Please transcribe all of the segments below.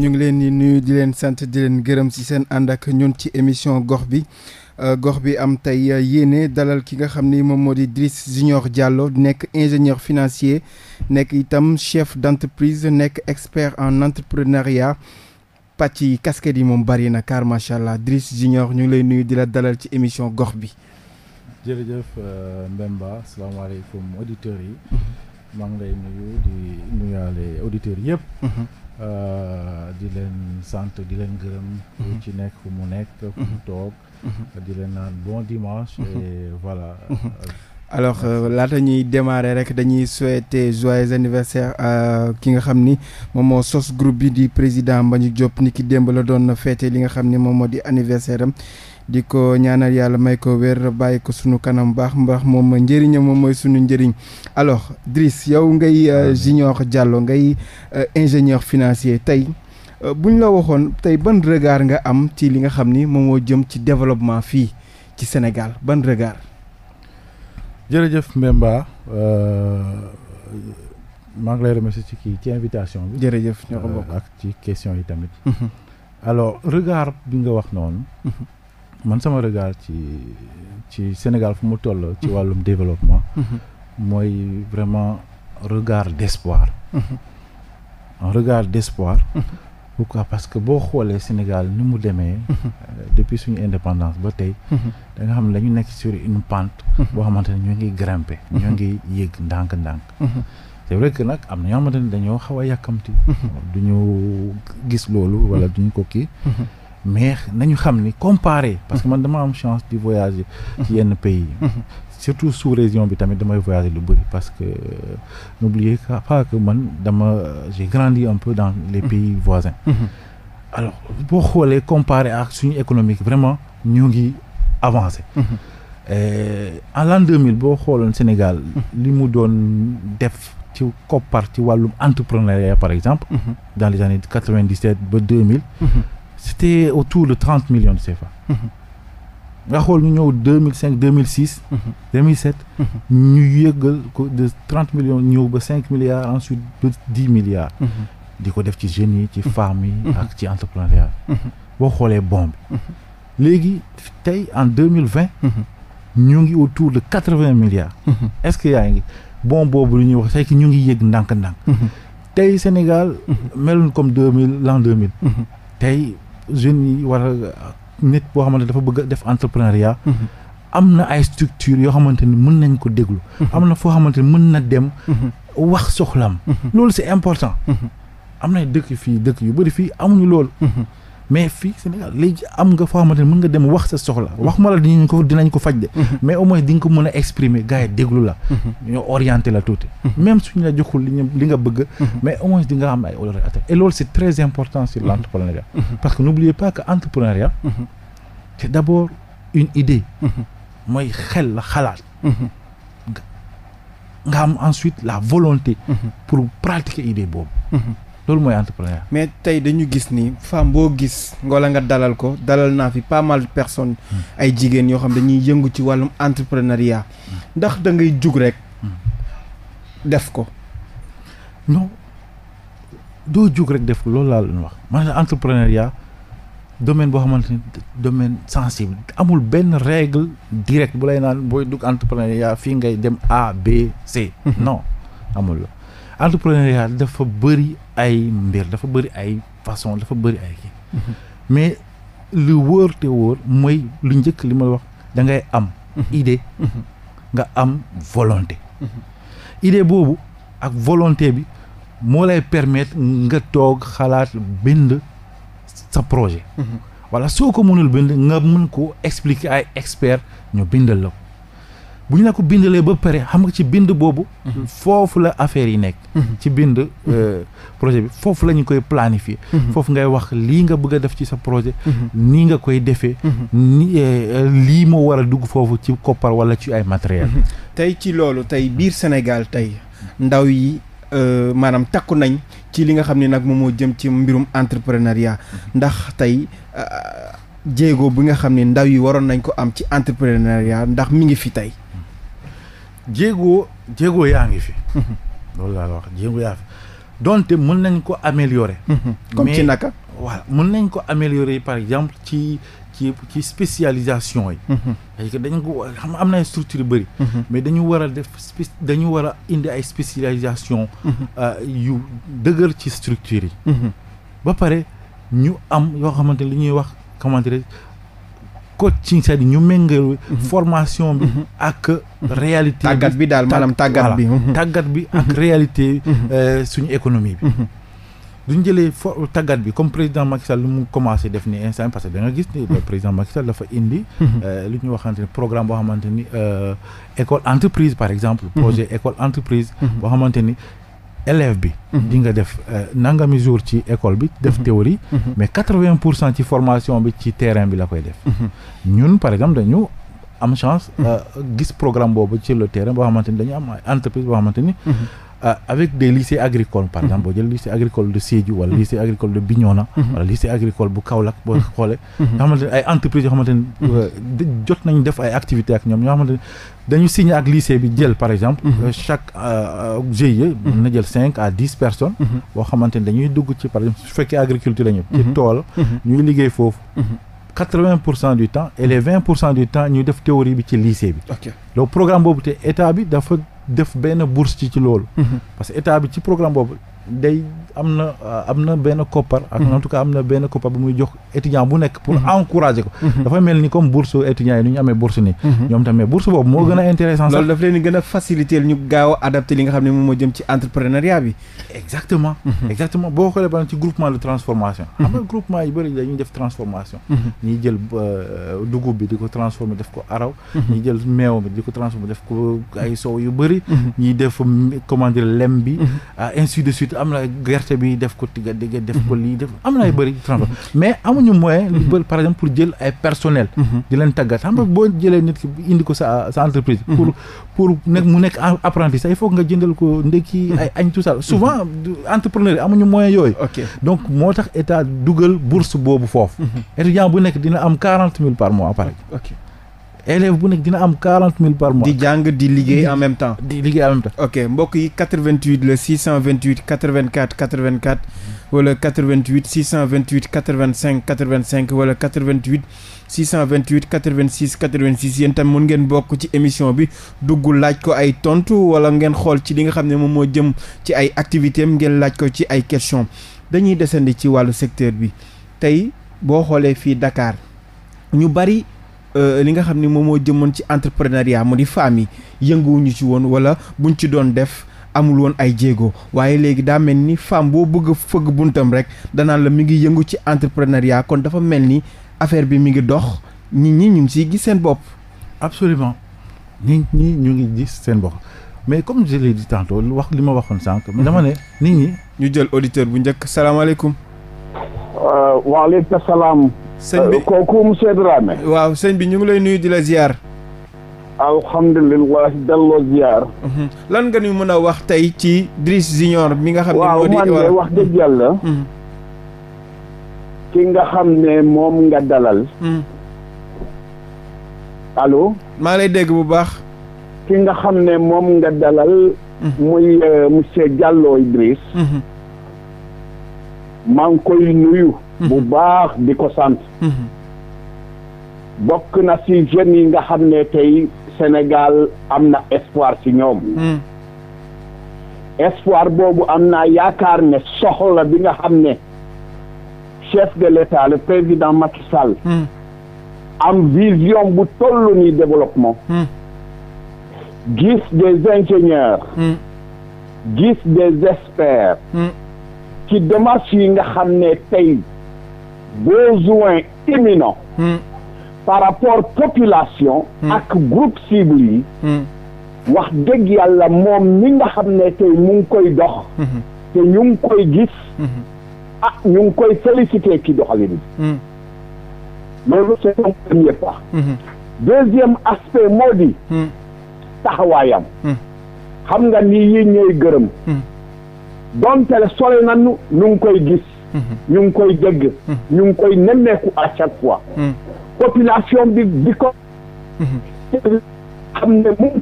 ñu ngi leen di nuyu di leen sant di leen gërëm ci seen ànd ak ñun ci émission gox bi euh, gox bi am tey euh, yéene dalal ki nga xam ni moom moo di Driss Junior Diallo nekk ingénieur financier nekk itam chef d'entreprise nekk expert en entrepreneuriat pàcc yi casquette yi moom bari na car macha allah Driss Junior ñu ngi lay nuyu di la dalal ci émission gox bi. jërëjëf euh, Mbemba salaamaaleykum auditeurs yi. Mhm. maa ngi lay nuyu auditeurs yëpp. Mhm. Euh, di leen sant di leen gërëm. Mhm. ci nekk fu mu nekk. fu mu mhm. toog. Mhm. di leen naan bon dimanche. et voilà. Euh, alors euh, laata ñuy démarrer rek dañuy souhaiter joyeux anniversaire ki nga xam ni moom moo sos groupe bi di président Mbagnick Diop ni ki démb la doon féete li nga xam ni moom moo di anniversaire am. di ko ñaanal yàlla may ko wér bàyyi ko sunu kanam baax mbaax moom njëriñam moom mooy sunu njëriñ alors Driss yow ngay euh, Junior Diallo ngay euh, ingénieur financier tey euh, buñ la waxoon tey ban regard nga am ci li nga xam ni moom moo jëm ci développement fii ci Sénégal ban regard. jërëjëf Mbemba maa ngi lay remercier ci kii ci invitation bi. jërëjëf ñoo ko ak ci question yi tamit. Mhm. bi nga wax noonu. Mhm. man sama regard ci ci Sénégal fu mu toll. ci mhm. wàllum développement. Mhm. mooy vraiment regard d'espoir. Mhm. un regard d'espoir. pourquoi parce que boo xoolee Sénégal ni mu demee. Euh, depuis suñu indépendance ba tey. da nga xam ne dañu nekk sur une pente. boo xamante ne ñoo ngi grimper. ñoo ngi yéeg ndànk-ndànk. c'est vrai nag am na ñoo xamante ne dañoo xaw a yàkkamti. du gis loolu wala du ñu mais nañu xam ni comparé parce que man dama am chance di voyager ci yenn pays surtout sous région bi tamit damay voyager lu bëri parce que n'oubliez pas que man dama j'ai grandi un peu dans les mm-hmm. pays voisins mm-hmm. alors boo xoolee comparé ak suñu économique vraiment ñu ngi avancé mm-hmm. eh, en l'an 2000 boo xooloon Sénégal li mu doon def ci koppar ci wàllum entrepreneuriat par exemple dans les années 97 ba 2000 c'était autour de trente millions de CFA. nga xool ñu ñëw deux mille cinq mille six. deux mille ñu yëggal ko de million ñëw ba cinq milliards ensuite de dix milliards. di ko def ci jeunes yi ci femmes yi. ak ci entrepreneuriat boo xoolee bombe. léegi tey en deux mille vingt. ñu ngi autour de quatre vingt milliards. est-ce que yaa ngi bon boobu lu ñuy wax tey ñu ngi yëg ndànk-ndànk. tey Sénégal. meluñ comme de mille l'an deux mille. tey jeunes yi war a nit boo xamante dafa bëgg a def entrepreneuriat. Mhm. am na ay structure yoo xamante ni mën nañ ko déglu. Mhm. am na foo xamante ni mën na dem. Mhm. wax soxlam loolu c'est important. am na dëkk fii dëkk yu bëri fii amuñu loolu. mais fii Sénégal léegi am nga foo xamante ne mën nga dem wax sa soxla mm-hmm. wax ma la dinañ ko dinañ ko faj de. Mm-hmm. mais au moins di nga ko mën a exprimer gars yi déglu la. Mm-hmm. ñoo orienté la tuuti. même suñ la joxul li li nga bëgg. mais au moins di nga am ay orientation et loolu c'est très important sur l'entrepreneuriat. parce que n'oubliez pas que entrepreneuriat. c'est d'abord une idée. mooy xel la xalaat. nga am ensuite la volonté. pour pratiquer idée boobu. loolu mooy entrepreneur. mais tey dañu gis ni femme boo gis ngoola nga dalal ko dalal naa fi pas mal de personnes. Hmm. ay jigéen yoo xam ne dañuy yëngu ci wàllum entrepreneuriat. Hmm. ndax dangay jug rek. Hmm. def ko. non doo jug rek def ko loolu laa leen wax maanaam entrepreneuriat domaine boo xamante ni domaine sensible amul benn règle directe bu lay naan booy dugg entrepreneuriat fii ngay dem A B C. non amul entrepreneuriat dafa bëri ay mbir dafa bëri ay façon dafa bëri ay kii mhm. mais li wóor te wóor mooy lu njëkk li ma wax da ngay am mhm. idée mhm. nga am volonté idée boobu ak volonté bi moo lay permettre nga toog xalaat bind sa projet wala soo ko mënul bind nga mën ko expliquer ay expert ñu bindal la ko bu ñu la ko bindalee ba pare xam nga ci bind boobu. Mhm. foofu la affaire yi nekk. Mhm. ci bind euh, projet bi foofu la ñu koy planifier. Mhm. foofu ngay wax lii nga bëgg def ci sa projet. nii nga koy defee. ni euh, lii moo war a dugg foofu ci koppar wala ci ay matériel tey ci loolu tey biir Sénégal tey ndaw yi euh, maanaam takku nañ ci li nga xam ni nag moom moo jëm ci mbirum entrepreneuriat ndax tey. jéego bi nga xam ne ndaw yi waroon nañ ko am ci entrepreneuriat ndax mi ngi fi tey. jéego jéego yaa ngi fi. loolu laa la wax jéego yaa fi donte mun nañ ko améliorer. comme ci naka. voilà mun nañ ko améliorer par exemple ci ci ci spécialisation yi. Mhm. parce que dañ ko xam am na ay structure yu bëri. Mhm. mais dañu war a def dañu war a indi ay spécialisation mhm. euh, yu dëgër ci structure yi. ba pare ñu am yoo xamante li ñuy wax comment dirais coaching c'est-à-dire ñu méngale mhm. formation bi mhm. ak réalité tàggat bi daal maanaam tàggat mu mhm. tàggat bi ak réalité euh, suñu économie bi duñ jëlee fo tàggat bi comme président Macky Sall lu mu commencé def ni instant parce que danga gis ni président Macky Sall dafa indi euh, lu ñu waxante ni programme boo xamante ni euh, école entreprise par exemple projet école entreprise boo xamante ni élève bi. Mhm. di nga def euh, nangami jour ci école bi. def mhm. théorie. Mhm. mais quatre-vingts pour cent ci formation bi ci terrain bi la koy def. ñun par exemple dañu am chance. Euh, gis programme boobu ci le terrain boo xamante ni dañu am ay entreprise boo xamante ni. Euh, avec des lycées agricoles par mhm. exemple boo jël lycée agricole de Sédhiou wala mhm. lycée agricole de Bignona mhm. wala lycée agricole bu Kaolack boo xoolee nga xamante ne ay entreprises yoo xamante ne euh, jot nañ def ay ak ñoom ñoo xamante ne dañuy dugg ci par exemple su fekkee agriculture la ci tool ñuy liggéey foofu pour cent du temps et pour cent du temps ñu def théorie bi ci lycée bi donc programme boobu te état bi dafa def benn bourse ci ci loolu. Mhm. parce que bi ci programme boobu day am na euh, am na benn koppar. ak mhm. na benn koppar bu muy jox étudiant bu nekk. pour mhm. encourager ko. Mhm. dafa mel ni comme bourse étudiants yi nu ñu amee bourse nii. ñoom tamit bourse boobu moo gën a intéressant loolu daf leen gën a faciliter ñu gaaw adapté li nga xam ne moom moo jëm ci entrepreneuriat bi. exactement. exactement boo xoolee ba ci groupement de transformation. xam nga groupement yu bëri dañuy def transformation. ñuy jël euh, dugub bi di ko transformer def ko araw. ñuy liberté bi def ko tigga digga def ko mhm. lii def am na ay bëri mhm. transport mais amuñu moyen par exemple pour jël ay personnel mhm. di leen tàggat xam nga boo jëlee nit ki indi ko sa entreprise pour pour nekk mu nekk apprenti sax il faut nga jëndal ko ndekki ay añ tout ça souvent entrepreneur yi amuñu moyen yooyu donc moo tax état dugal bourse boobu foofu étudiant bu nekk dina am quarante mille par mois par exemple élève bu nekk dina am quarante mille di jàng di liggéey en même temps. di liggéey en même temps. ok mbokk yi 88 le 628 84 84 wala 88 628 85 85 wala 88 628 86 86 yéen tam mun ngeen bokk ci émission bi dugg laaj ko ay tontu wala ngeen xool ci li nga xam ne moom moo jëm ci ay activité am ngeen laaj ko ci ay question dañuy desandi ci wàllu secteur bi tey boo xoolee fii Dakar ñu bari. Euh, li nga xam ni moom moo jëmoon ci entrepreneuriat mu di femmes yi yënguwuñu ci woon wala buñ ci doon def amul woon ay jéego waaye léegi daa mel ni femme boo bëgg fëgg buntam rek danaa la mi ngi yëngu ci entrepreneuriat kon dafa mel ni affaire bi mi ngi dox nit ñi ñu ngi siy gis seen bopp. absolument nit ñi ñu ngi gis seen bopp mais comme je l'ai wax li ma waxoon sànq. Mhm. dama ne nit ñi. ñu jël auditeur bu njëkk salaamaaleykum. Euh, waaleykum salaam. sëñ bi euh, kooku monsieur Dramé. waaw sëñ bi ñu ngi lay nuyu di la ziar. alhamdulilah delloo ziar. Mhm. lan nga ñu mën a wax tey ci Driss Junior mi nga xam ne wax dëgg yàlla. Mhm. nga xam ne moom nga dalal. Mhm. allo. maa lay dégg bu baax. ki nga xam ne moom nga dalal. muy euh, monsieur Diallo Idriss. maa ngi koy nuyu. Mm-hmm. bu baax di ko sant. Mm-hmm. bokk na ci jeunes yi nga xam ne tey Sénégal am na espoir ci ñoom. Mm-hmm. espoir boobu am naa yaakaar ne soxla bi nga xam ne chef de l'État le président Macky Sall. am vision bu toll ni développement. gis des ingénieurs. gis des experts. ci démarche yi nga xam ne tey. besoin imminent hmm. par rapport population hmm. ak groupe cible yi hmm. wax dëgg yàlla moom mi nga xam ne tey mu ngi koy dox te ñu ngi koy gis ah ñu ngi koy féliciter ki doxalin bi loolu deuxième aspect moo di taxawaayam xam nga ni yi ñooy gërëm donte sole nanu ñu ngi koy gis ñu ngi koy dégg. ñu ngi koy nemmeeku à chaque fois. population bi di ko. xam ne moom.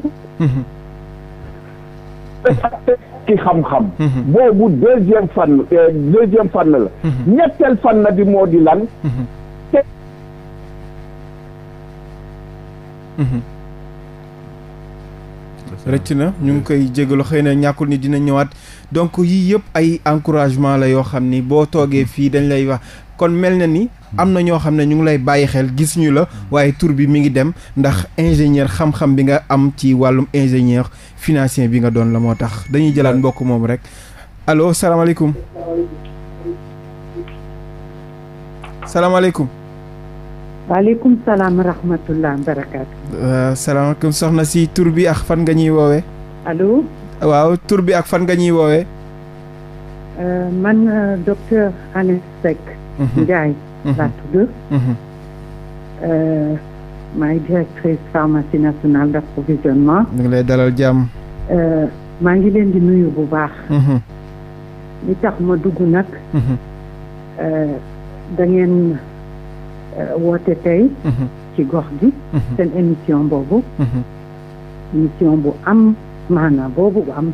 ki xam-xam. boobu deuxième fànn euh, deuxième fànn la. ñetteel fànn bi moo di lan. te. rëcc na ñu ngi koy jégalu xëy na ñàkkul ni dina ñëwaat. donc yii yëpp ay encouragement la yoo xam ni boo toogee fii dañ lay wax kon mel na ni am na ñoo xam ne ñu ngi lay bàyyi xel gis ñu la waaye tur bi mi ngi dem ndax ingénieur xam-xam bi nga am ci wàllum ingénieur financier bi nga doon la moo tax dañuy jëlaat mbokk moom rek allo salaamaaleykum salaamaaleykum waaleykum salaam wa euh, soxna si tur bi ak fan nga ñuy woowee. allo. waaw tur bi ak fan nga ñuy woowee. Euh, man euh, docteur Anne Seck. Mhm. Ndiaye mhm. laa tudd. Mhm. Euh, maay directrice pharmacie nationale d'approvisionnement. ñu ngi lay dalal jàmm. maa ngi leen di nuyu bu baax. li tax ma dugg nag. da woote tey. ci gox gi. seen émission boobu. émission bu am. maanaam boobu am.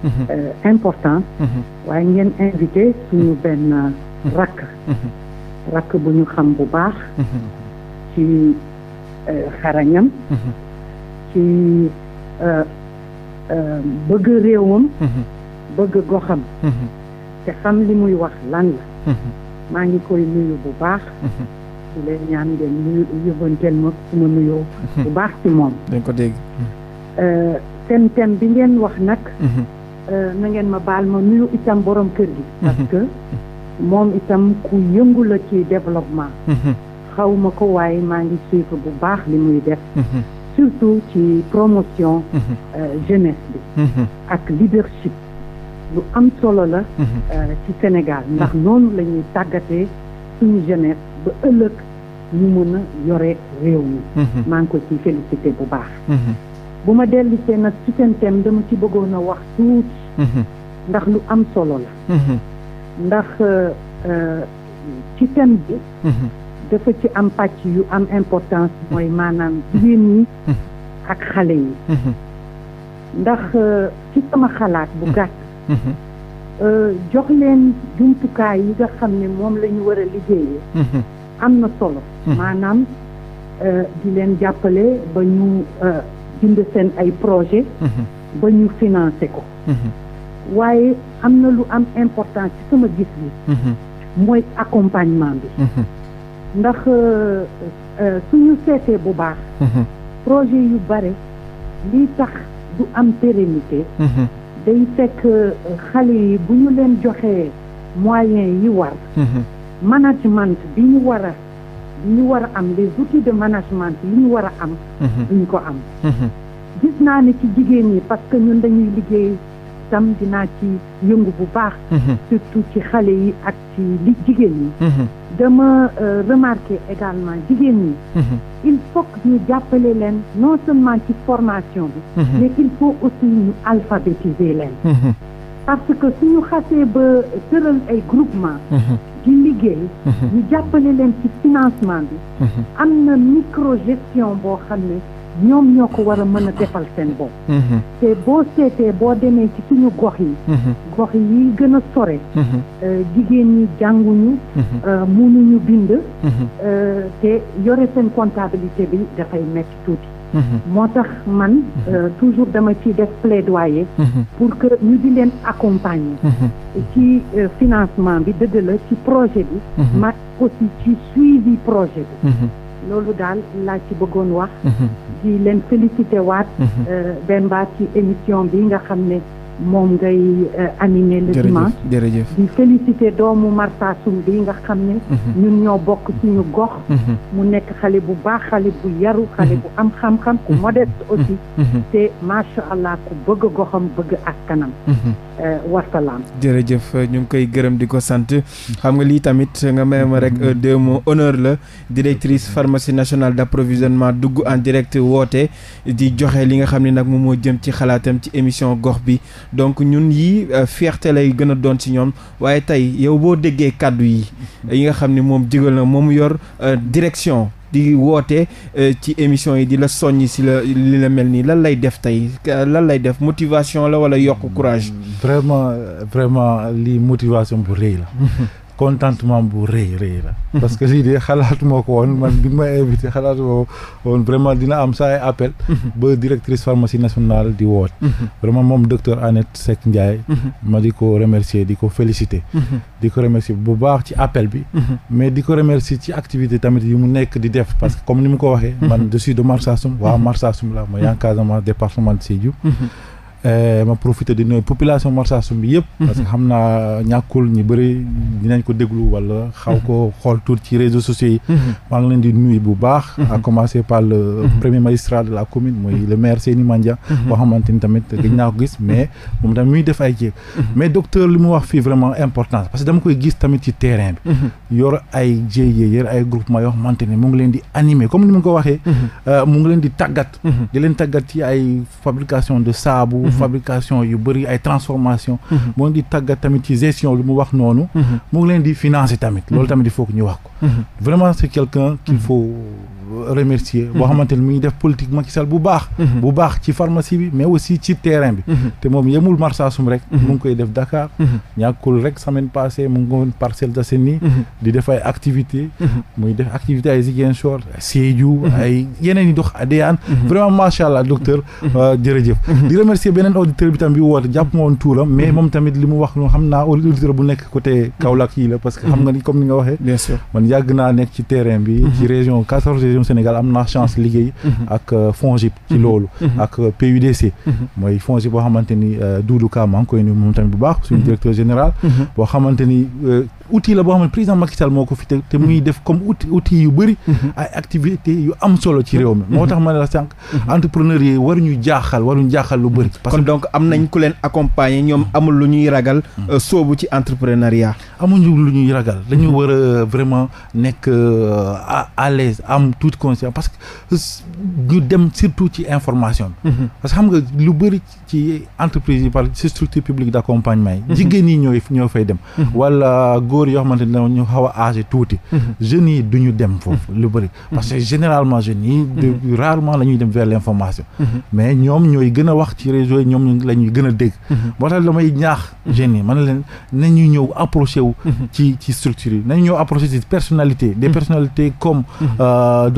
Mhm. Euh, important. Mhm. waaye ngeen invité suñu mhm. benn rakk. rakk bu ñu xam bu baax. ci euh, xarañam. ci euh, bëgg réewam. bëgg goxam. te xam li muy wax lan la. maa ngi koy nuyu bu baax. di leen ñaan ngeen nuyu ma su ma nuyoo. bu baax ci moom. dañ ko dégg. seen thème bi ngeen wax nag. Mhm. Euh, na ngeen ma baal ma nuyu itam borom kër gi. Mhm. parce que moom itam ku yëngu la ci développement. Mhm. xaw ma ko waaye maa ngi suivre bu baax li muy def. surtout ci promotion. Euh, jeunesse bi. ak leadership. lu am solo la. Euh, ci Sénégal ndax noonu la ñuy tàggatee suñu jeunesse ba ëllëg ñu mën a yore réew mi. maa ngi ko ci félicité bu baax. bu ma dellisee nag ci seen dama ci bëggoon a wax tuuti. Mhm. ndax lu am solo la. Mhm. ndax euh, euh, ci thème bi. Mhm. dafa ci am pàcc yu am importance mooy maanaam jigéen yi ak xale yi. ndax euh, ci sama xalaat bu gàtt. jox leen jumtukaay yi nga xam ne moom lañu ñu war a liggéeyee. am na solo. maanaam di leen jàppale ba ñu. bind seen ay projet mhm. ba ñu financé ko mhm. waaye am na lu am importance ci sama gis bi mhm. mooy accompagnement bi ndax euh, euh, suñu seetee bu baax projet yu bare lii tax du am pérennité day fekk euh, xale yi bu ñu leen joxee moyens yi war management bi ñu war a ñu war a am les outils de management li ñu war a am mhm. duñ ko am mhm. gis naa ne ci jigéen ñi parce que ñun dañuy liggéey tam dinaa ci yëngu bu baax mhm. surtout ci xale yi ak ci li jigéen ñi dama euh, remarqué également jigéen ñi il faut ñu jàppale leen non seulement ci formation bi mais il faut aussi ñu alphabétiser leen parce que suñu xasee ba tëral ay groupement mhm. di liggéey mhm. ñu jàppale leen ci financement bi mhm. am na microgestion boo xam ne ñoom ñoo ko war a mën a defal seen bopp te boo seetee boo demee ci suñu gox yi gox yi gën a sore euh, jigéen ñi jànguñu euh, ñu bind euh, te yore seen comptabilité bi dafay metti tuuti Mm-hmm. moo tax man mm-hmm. euh, toujours dama ci def plaidoyer mm-hmm. pour que ñu di leen accompagner ci euh, financement bi dëgg la ci projet bi ma aussi ci suivi projet bi loolu daal laa ci bëggoon wax di leen félicité waat Bemba euh, ci émission bi nga xam ne moom ngay euh, animé le jërëjëf di félicité doomu marsasum bi nga xam ne mhm. ñun ñoo bokk suñu gox mhm. mu nekk xale bu baax xale bu yaru xale mhm. bu am xam-xam ku modeste aussi te macha allah ku bëgg goxam bëgg askanam euh, wasalaam jërëjëf ñu ngi koy gërëm di ko sant xam nga lii tamit nga may ma rek euh, deux mots honneur la directrice pharmacie nationale d'approvisionnement dugg en direct woote di joxe li nga xam ne nag moom moo jëm ci xalaatam ci émission gox bi donc ñun yi euh, feexte lay gën a doon ci ñoom waaye tey yow boo déggee kàddu yi yi nga xam ni moom jigal na moom yor euh, direction di woote euh, ci émission yi di la soññ si la li la mel nii lan lay def tey lan lay def motivation la wala yokk courage vraiment vraiment li motivation bu rëy la contentement bu rëy rëy la. parce que lii de xalaatu ma ko woon man bi ma invité xalaatu ma woon vraiment dina am sa ay appel. ba directrice pharmacie nationale di woot. Mhm. vraiment moom docteur Annette Seck Ndiaye. Mhm. ma di ko remercier di ko féliciter. Mhm. di ko remercier bu baax ci appel bi. mais di ko remercier ci activité tamit yi mu nekk di def. parce que comme ni mu ko waxee. man je suis de Marsassoum waa Marsassoum la ma yaa ngi de Sédhiou. Eh, ma profité di nuyu population Marsassoum bi yëpp. Mhm. parce que xam naa ñàkkul ñu bëri dinañ ko déglu wala. xaw ko mhm. xool tuur ci réseaux sociaux yi. Mhm. maa ngi leen di nuyu bu baax. a commencer par le premier magistrat de la commune mooy le maire Seyni Mandia. boo def ay jéeg. mais docteur li mu wax fii vraiment importance parce que dama koy gis tamit ci terrain bi. yor ay GIE yor ay groupement yoo xamante ni mu ngi leen di animer ko waxee. Euh, mu ngi leen di tàggat. di ay fabrication de saabu. fabrication yu bëri ay transformation mhm. moo ngi tàggat tamit ci gestion lu mu wax noonu mhm. mu ngi leen di financer tamit loolu mhm. tamit il faut que wax ko vraiment c'est quelqu'un qu'il faut remercier boo mhm. xamante ne mi ngi def politique Macky Sall bu baax mhm. bu baax ci pharmacie bi mais aussi ci terrain bi mhm. te moom yemul Marsassoum rek mu ngi koy def Dakar ñàkkul rek semaine passée mu ngi woon Parcelles Assainies di def ay activité muy def activité ay Ziguinchor Sédhiou ay yeneen i dox adéyaan vraiment macha allah docteur euh, jërëjëf di remercier beneen auditeur bi tam bi woote jàpp ma woon tuuram mais moom tamit li mu wax noonu xam naa auditeur bu nekk côté Kaolack Télécom Sénégal am na chance liggéey mhm. ak euh, FONGIP ci mhm. loolu mhm. ak euh, PUDC mooy FONGIP boo xamante ni euh, Doudou koy nuyu moom tamit bu baax suñu directeur général boo xamante outil la boo xam ne président moo ko fi teg te muy def comme outil yu bëri ay activité yu am solo ci réew mi moo tax ma ne la sànq entrepreneur yi waruñu jaaxal waruñu jaaxal lu bëri kon donc am nañ ku leen accompagner ñoom amul lu ñuy ragal soobu ci entrepreneuriat amuñu lu ñuy ragal dañu war a de conscience parce que ñu dem surtout ci information bi. Mhm. parce que xam nga lu bëri ci entreprise yi par ci structure publique d' accompagnement yi. Mhm. jigéen yi ñooy ñoo fay dem. Mhm. wala góor yoo xamante ne ñu xaw a âgé tuuti. jeunes yi du ñu dem foofu lu bëri. parce que généralement jeunes yi. rarement la dem vers l' mais ñoom ñooy gën a wax ci réseau ñoom la ñuy gën a damay ñaax jeunes yi man leen nañu ñëw approché ci structure yi nañu ñëw approché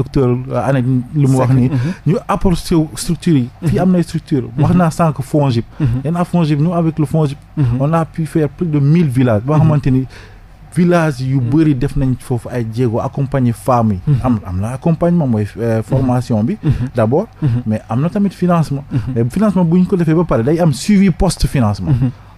docteur euh, Anek lu mu wax nii mhm. ñu apport structure yi mhm. fii am na structure mhm. wax naa sànq FONGIP yenn FONGIP nous avec le FONGIP on a pu faire plus de mille villages ba nga xamante village yu bëri def nañ foofu ay jéego accompagner femmes yi am am accompagnement mooy euh, formation bi d'abord mais am na tamit financement financement bu ñu ko defee ba pare day am suivi post financement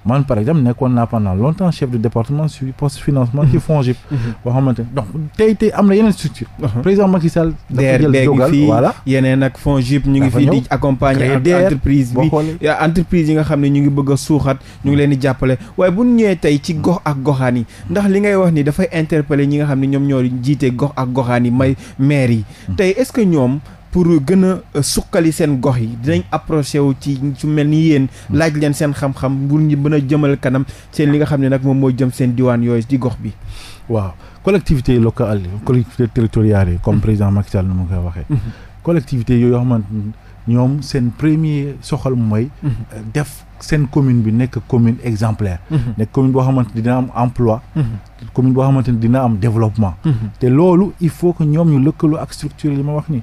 man par exemple nekkoon naa pendant longtemps chef de département sur poste financement mhm. ci FONGIP mhm. boo xamante donc tey tey am na yeneen structure uh-huh. président Macky Sall dafa jël jógal voilà yeneen ak FONGIP ñu ngi fii di accompagner entreprise bi entreprise yi nga xam ne ñu ngi bëgg a suuxat ñu ngi leen di jàppale waaye bu ñëwee tey ci mm. gox ak goxaan yi ndax li ngay wax ni dafay interpeller ñi nga xam ne ñoom ñoo jiite gox ak goxaan yi may maire yi mm. tey est-ce que ñoom pour gën a euh, suqali seen gox yi dinañ approché wu ci su mel ni yéen laaj leen seen xam-xam mbur ñi mën a jëmal kanam seen li nga xam ne nag moom mooy jëm seen diwaan yooyu ci gox bi waaw collectivité locale yi collectivité territoriale yi comme mm-hmm. président Macky nu mu koy waxee mm-hmm. collectivité yooyu yoo xamante ñoom seen premier soxal mooy mm-hmm. def seen commune bi nekk commune exemplaire mhm. nekk commune boo xamante dina am emploi mhm. commune boo xamante dina am développement mhm. te loolu il faut que ñoom ñu lëkkaloo ak structure yi ma wax nii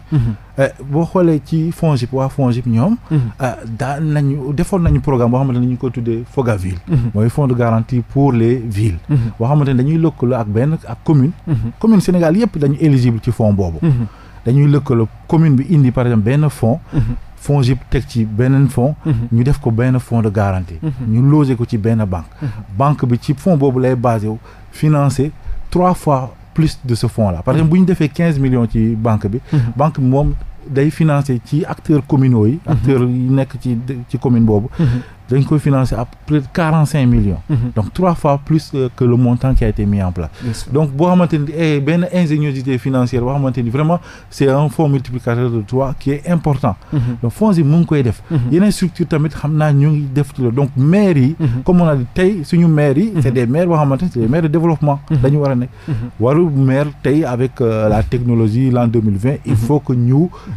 euh, boo xoolee ci FONGIP waa FONGIP ñoom euh, daan nañu defoon nañu programme boo xamante ni ñu ko tuddee Fogaville mooy fonds de garantie pour les villes boo xamante ni dañuy lëkkaloo ak benn ak commune commune Sénégal yëpp dañu éligible ci fonds boobu dañuy lëkkaloo commune bi indi fonds yëpp teg ci beneen fonds. Mhm. ñu def ko benn fonds de garantie. Mhm. ñu loger ko ci benn banque. Mhm. banque bi ci fonds boobu la basé wu financer trois fois plus de ce fonds là. par exemple bu ñu defee quinze millions ci banque bi. banque bi moom day financé ci acteurs communaux yi. Mhm. acteurs yi nekk ci ci commune boobu. Mhm. dañ koy financé à près de millions. Mhm. donc trois fois plus que le montant qui a été mis en place. donc boo xamante ni eh, benn ingéniosité financière boo xamante ni vraiment c' un fonds multiplicateur de trois qui est important. donc fonds yi mu ngi koy def. yeneen structure tamit xam naa ñu ngi def donc maires comme on a dit tey suñu maires yi. c' est des boo xamante a nekk waru maire tey euh, la technologie l'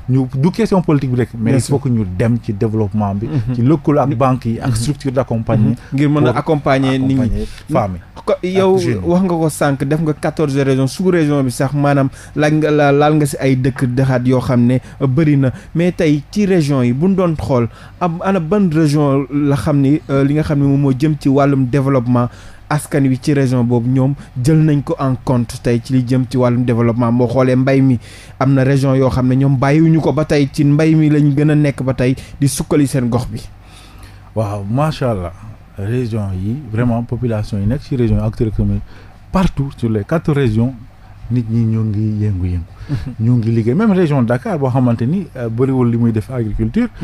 ñu du question politique bi rek. mais il ko ñu dem ci développement bi. Mhm. ci lëkkaloo ak banques yi ak mhm. structure d' accompagnement. Mhm. ngir mën a accompagner nit ñi femmes yi yow wax nga ko sànq def nga quatorze régions sous région bi sax maanaam laaj nga laal nga si ay dëkk dëxaat yoo xam ne bëri na mais tey ci région yi bu ñu doon xool am ana ban région la xam ni euh, li nga xam ne moom moo jëm ci wàllum développement. askan wi ci région boobu ñoom jël nañ ko en compte tey ci li jëm ci wàllum développement boo xoolee mbay mi am na région yoo xam ne ñoom bàyyi bàyyiwuñu ko ba tey ci mbay mi lañ gën a nekk ba tey di sukkali seen gox bi. waaw macha allah région yi vraiment population yi nekk ci région yi acteurs économiques partout sur les quatre régions nit ñi ñu ngi yëngu-yëngu. ñu ngi liggéey même région Dakar boo xamante ni euh, bëriwul li muy def agriculture.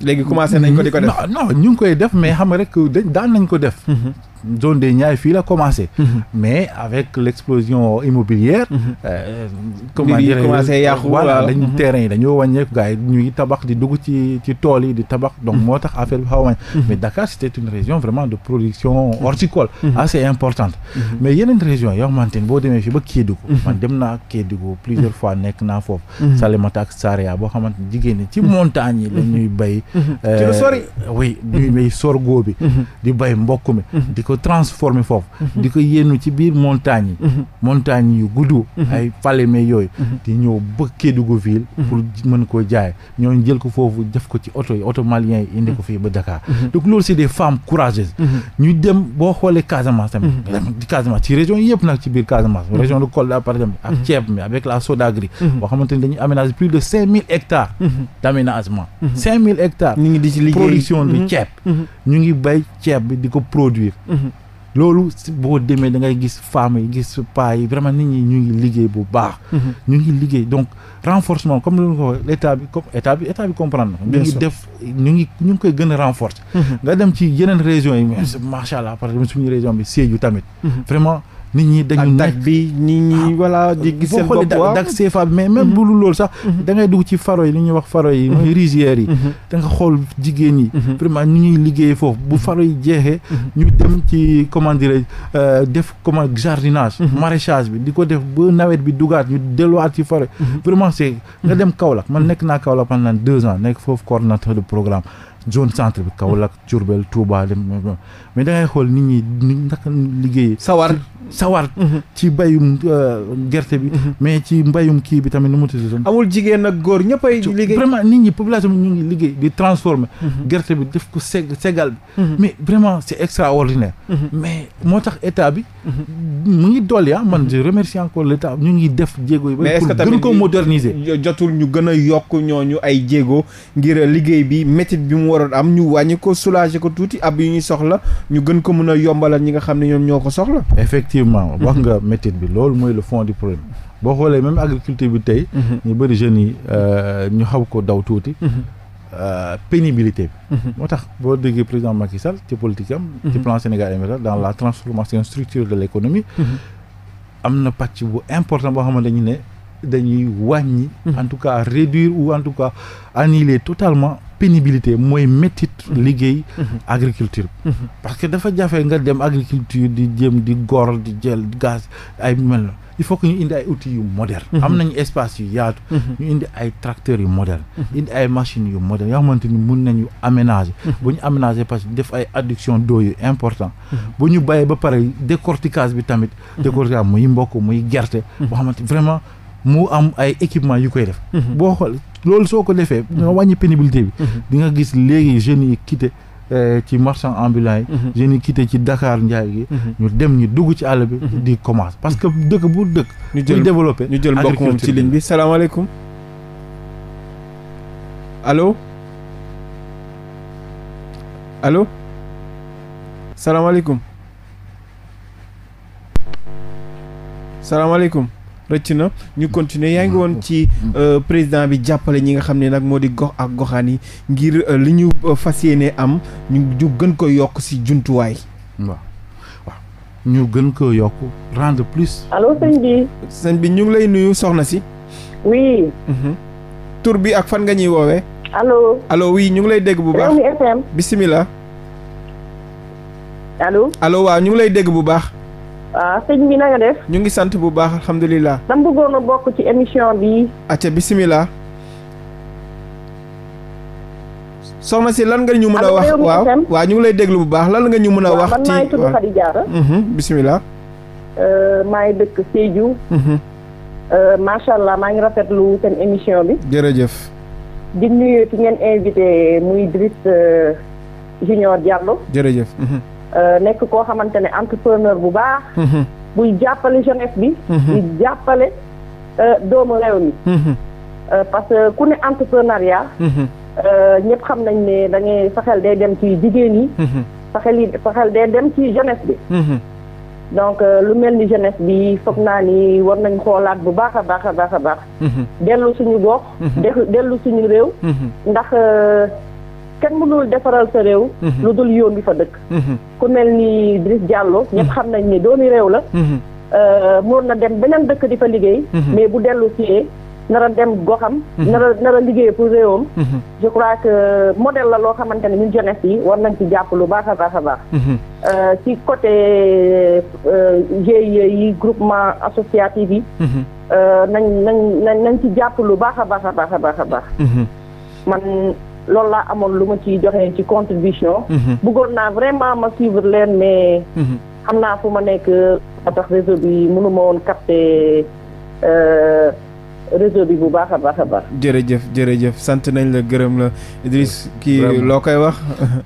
léegi commencé nañ ko di ko def non non ñu ngi koy def mais xam nga rek daan nañ ko def. Mhm. zone des Niayes fii la commencé. Mhm. mais avec l' explosion immobilière. Mhm. Euh, comment dire commencé yàqu voilà dañu mhm. terrain yi dañoo wàññeeku gars yi ñuy tabax di dugg ci ci tool yi di tabax. donc moo tax affaire bi xaw a wàññi. mais Dakar c' était une région vraiment de production horticole. assez importante. mais yeneen région yoo xamante ni boo demee fii ba Kédougou. man dem naa Kédougou plusieurs fois nekk naa foofu. Salémata ak Saraya boo xamante ni jigéen ñi ci montagne yi la ñuy bay. Euh, ci lu sori oui ñuy bay sorgho ko transformer foofu mhm. di ko yéenu ci biir montagne yi mhm. montagne yu gudd mhm. ay Falémé yooyu di ñëw ba Kédougou ville pour mën koo jaay ñooñu jël ko foofu def ko ci oto yi oto malien yi indi ko fii ba Dakar donc loolu c'est des femmes courageuses ñu dem boo xoolee Casamance tamit di ci région yëpp nag ci biir Casamance région de Kolda par exemple ak ceeb mi avec la Sodagri boo xamante ni dañuy aménager plus de cinq mille hectares d'aménagement cinq mille hectares production ñu ngi bay ceeb bi di ko produire. Mhm. loolu boo demee da ngay gis femmes yi gis paa yi vraiment nit ñu ngi liggéey bu baax. Mhm. ñu liggéey donc renforcement comme lu ko état bi comme état bi état bi ñu ngi def koy gën a mhm. dem ci yeneen régions yi. macha allah parce que suñu région bi Sédhiou tamit. vraiment. nit ñi dañu nekk bi nit ñi ah, voilà di gis seen bopp waaw dak CFA mais même mhm. bu dul loolu sax mhm. dangay dugg ci faro yi li ñuy wax faro yi mooy mhm. rizières yi da nga xool jigéen ñi vraiment ni ñuy liggéey foofu bu faro yi jeexee ñu dem ci comment dirais euh, def comment jardinage maraîchage bi di ko def ba nawet bi dugaat ñu delluwaat ci faro yi vraiment c'est nga dem Kaolack man nekk naa Kaolack pendant deux ans nekk foofu coordonnateur de programme zone centre bi Kaolack Diourbel Touba dem mais da ngay xool nit ñi nit naka liggéey sawar sawar mhm. ci mbayum euh, gerte bi mhm. mais ci mbayum kii bi tamit nu mu tudd amul jigéen ak góor ñëppay liggéey bi ñu ngi liggéey di transformer mhm. gerte bi def ko seg segal bi mais vraiment c'est extraordinaire mais moo tax état bi mu ngi dolli ah man je remercie encore l'état ñu ngi def jéego yi mais est-ce que tamit ko moderniser jotul ñu gën a yokk ñooñu ay jéego ngir liggéey bi métit bi mu waroon am ñu wàññi ko soulager ko tuuti ab yi ñuy soxla ñu gën ko mën a yombalal ñi nga xam ne ñoom ñoo ko soxla. effectivement mhm. wax nga métier bi loolu mooy le fond du problème. boo xoolee même agriculture bi tey. Mhm. ñu bëri jeunes yi euh, ñu xaw ko daw tuuti. Mhm. Euh, pénibilité bi. moo tax boo déggee président Macky Sall ci politique am. ci plan Sénégal émergent dans la transformation structurelle de l' économie. am na pàcc bu important boo xamante ñu ne dañuy wàññi. Mhm. en tout cas réduire ou en tout cas annuler totalement pénibilité mooy métit liggéey. Mhm. agriculture mhm. parce que dafa jafe nga dem agriculture di jëm di gor di jël gaz ay mel na il faut que ñu indi ay outils yu moderne am nañu espace yu yaatu. ñu indi ay tracteurs yu moderne indi ay machines yu moderne yoo xamante ni mun nañu aménage bu ñu aménager parce que def ay adduction d'eau yu important. bu ñu bàyyee ba pare décortiquage bi tamit. décortiquage muy mbokk muy gerte. mu am ay équipement yu koy def. Mhm. boo xool loolu soo ko defee. Mhm. nga wàññi pénibilité bi. Mhm. di nga gis léegi jeunes yi quitté euh, ci marchand ambulant yi. jeunes yi quitté ci dakaar njaay gi. ñu dem ñu dugg ci àll bi. di commence parce que dëkk bu dëkk. ñu jël développé ñu jël mbokk moom ci ligne bi salaamaaleykum allo salaamaaleykum salaamaaleykum. rëcc na ñu continuer yaa ngi woon ci euh, président bi jàppale ñi nga xam ni nag moo di gox ak goxaan yi ngir euh, li ñu euh, fas yéene am ñu gën ko yokk si jumtuwaay. waaw ñu gën ko yokk rendre plus. bi. ñu ngi lay nuyu soxna si. oui. Mhm. tur bi ak fan nga ñuy woowee. allo allo oui ñu ngi lay dégg bu baax Rewmi FM. bisimilah. allo allo waaw ñu ngi lay dégg bu baax. waaw ah, sëñ bi na def. ñu ngi sant bu baax alhamdulilah. dama bëggoon a bokk ci émission bi. acca bisimilah. soxna si lan nga ñu mën a wax waaw waa ñu ngi lay déglu bu baax lan nga ñu mën a wax ci man maay tudd Khady Diarra mhm, bisimilah euh, maay dëkk Sédhiou mhm. euh, macha allah maa ngi rafetlu seen émission bi jërëjëf di nuyu ki ngeen invité muy Driss euh, Junior Diallo jërëjëf mhm. Euh, nekk koo xamante ne entrepreneur bu baax. Mhm. buy jàppale jeunesse bi. Mhm. di jàppale euh, doomu réew mi. Mhm. Euh, parce que ku ne entrepreneuriat. ñëpp xam nañ ne da ngay saxel day dem ci jigéen yi. saxel yi saxel day dem ci jeunesse bi. donc lu mel ni jeunesse bi foog naa ni war nañ xoolaat bu baax a baax a baax a baax. dellu suñu gox. dellu suñu réew. ndax. kenn mënul defaral sa réew. Mhm. lu dul yoon bi fa dëkk. Mhm. ku mel ni Idriss Diallo. Mhm. ñëpp xam nañ ni doomi réew la. Euh, mënoon na dem beneen dëkk di fa liggéey. mais bu dellu si nara dem goxam. nara nara liggéey pour réewam. je crois que modèle la loo xamante ne ñun jeunesse yi war nañ ci jàpp lu baax a baax a baax. Euh, ci côté euh, GIE yi groupement associatif yi. nañ nañ nañ nañ ci jàpp lu baax a baax a baax a baax a baax. man. loolu laa amoon lu ma ciy joxe ci contribution. Mhm. bëggoon naa vraiment ma suivre leen mais. Mhm. xam naa fu ma nekk moo tax réseau bi mënu ma woon capter euh, réseau bi bu baax a baax a baax. jërëjëf jërëjëf sant nañ la gërëm la Idriss. kii loo koy wax.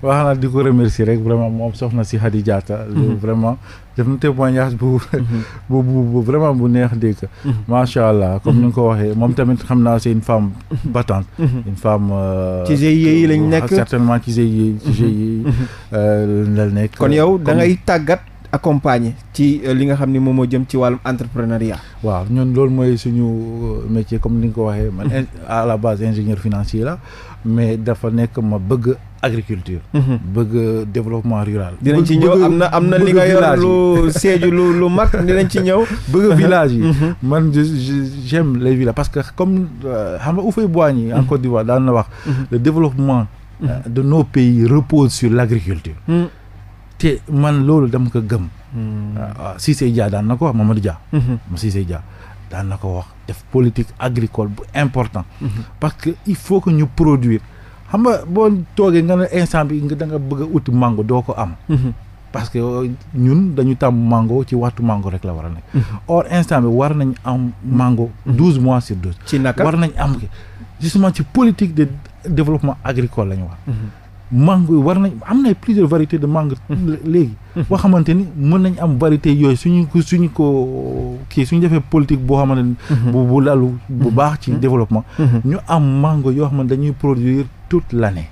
wax naa di ko remercier rek vraiment moom soxna si Khady Diatta. Mhm. vraiment. def na témoignage mhm. bu bu bu vraiment bu neex dégg mhm. macha allah comme mhm. ni nga ko waxee moom tamit xam naa c'est une femme battante une femme euh, ci GIE yi lañ euh, nekk certainement ci GIE ci euh, la nekk kon yow da ngay tàggat accompagner ci li nga xam ne moom moo jëm ci wàllum entrepreneuriat. waaw ñun loolu mooy suñu métier comme ni nga ko waxee man à la base ingénieur financier la mais dafa nekk ma bëgg agriculture. Mhm. bëgg développement rural. dinañ ci ñëw am na am na li nga yor lu seeju lu lu dinañ ci ñëw. bëgg village yi. Mhm. man je j'aime les villages parce que comme euh, xam nga Houphouët-Boigny mhm. en Côte d'Ivoire daan na wax. le développement. Euh, de nos pays repose sur l'agriculture. te man loolu dama ko gëm. waaw ah, ah, Cissé Dia daan na ko wax Mamadou Dia. mu Cissé Dia daan na ko wax def politique agricole important. parce que il faut que ñu produire. xam nga boo toogee nga ne instant bi nga da bëgg a uti mango doo ko am. Mhm. parce que ñun dañu tàmm mango ci waxtu mango rek la war a nekk. Mhm. or instant bi war nañ am mango. Mhm. douze mois sur douze. ci naka war nañ am justement ci politique de développement agricole la ñu wax. mangue war nañ am na plusieurs variétés de mangue léegi boo xamante ni mën nañ am variété yooyu suñu ko ko kii suñu defee politique boo xamante ni mhm. bu bu lalu bu mhm. baax ci mhm. développement ñu am mangue yoo xamante dañuy produire toute l'année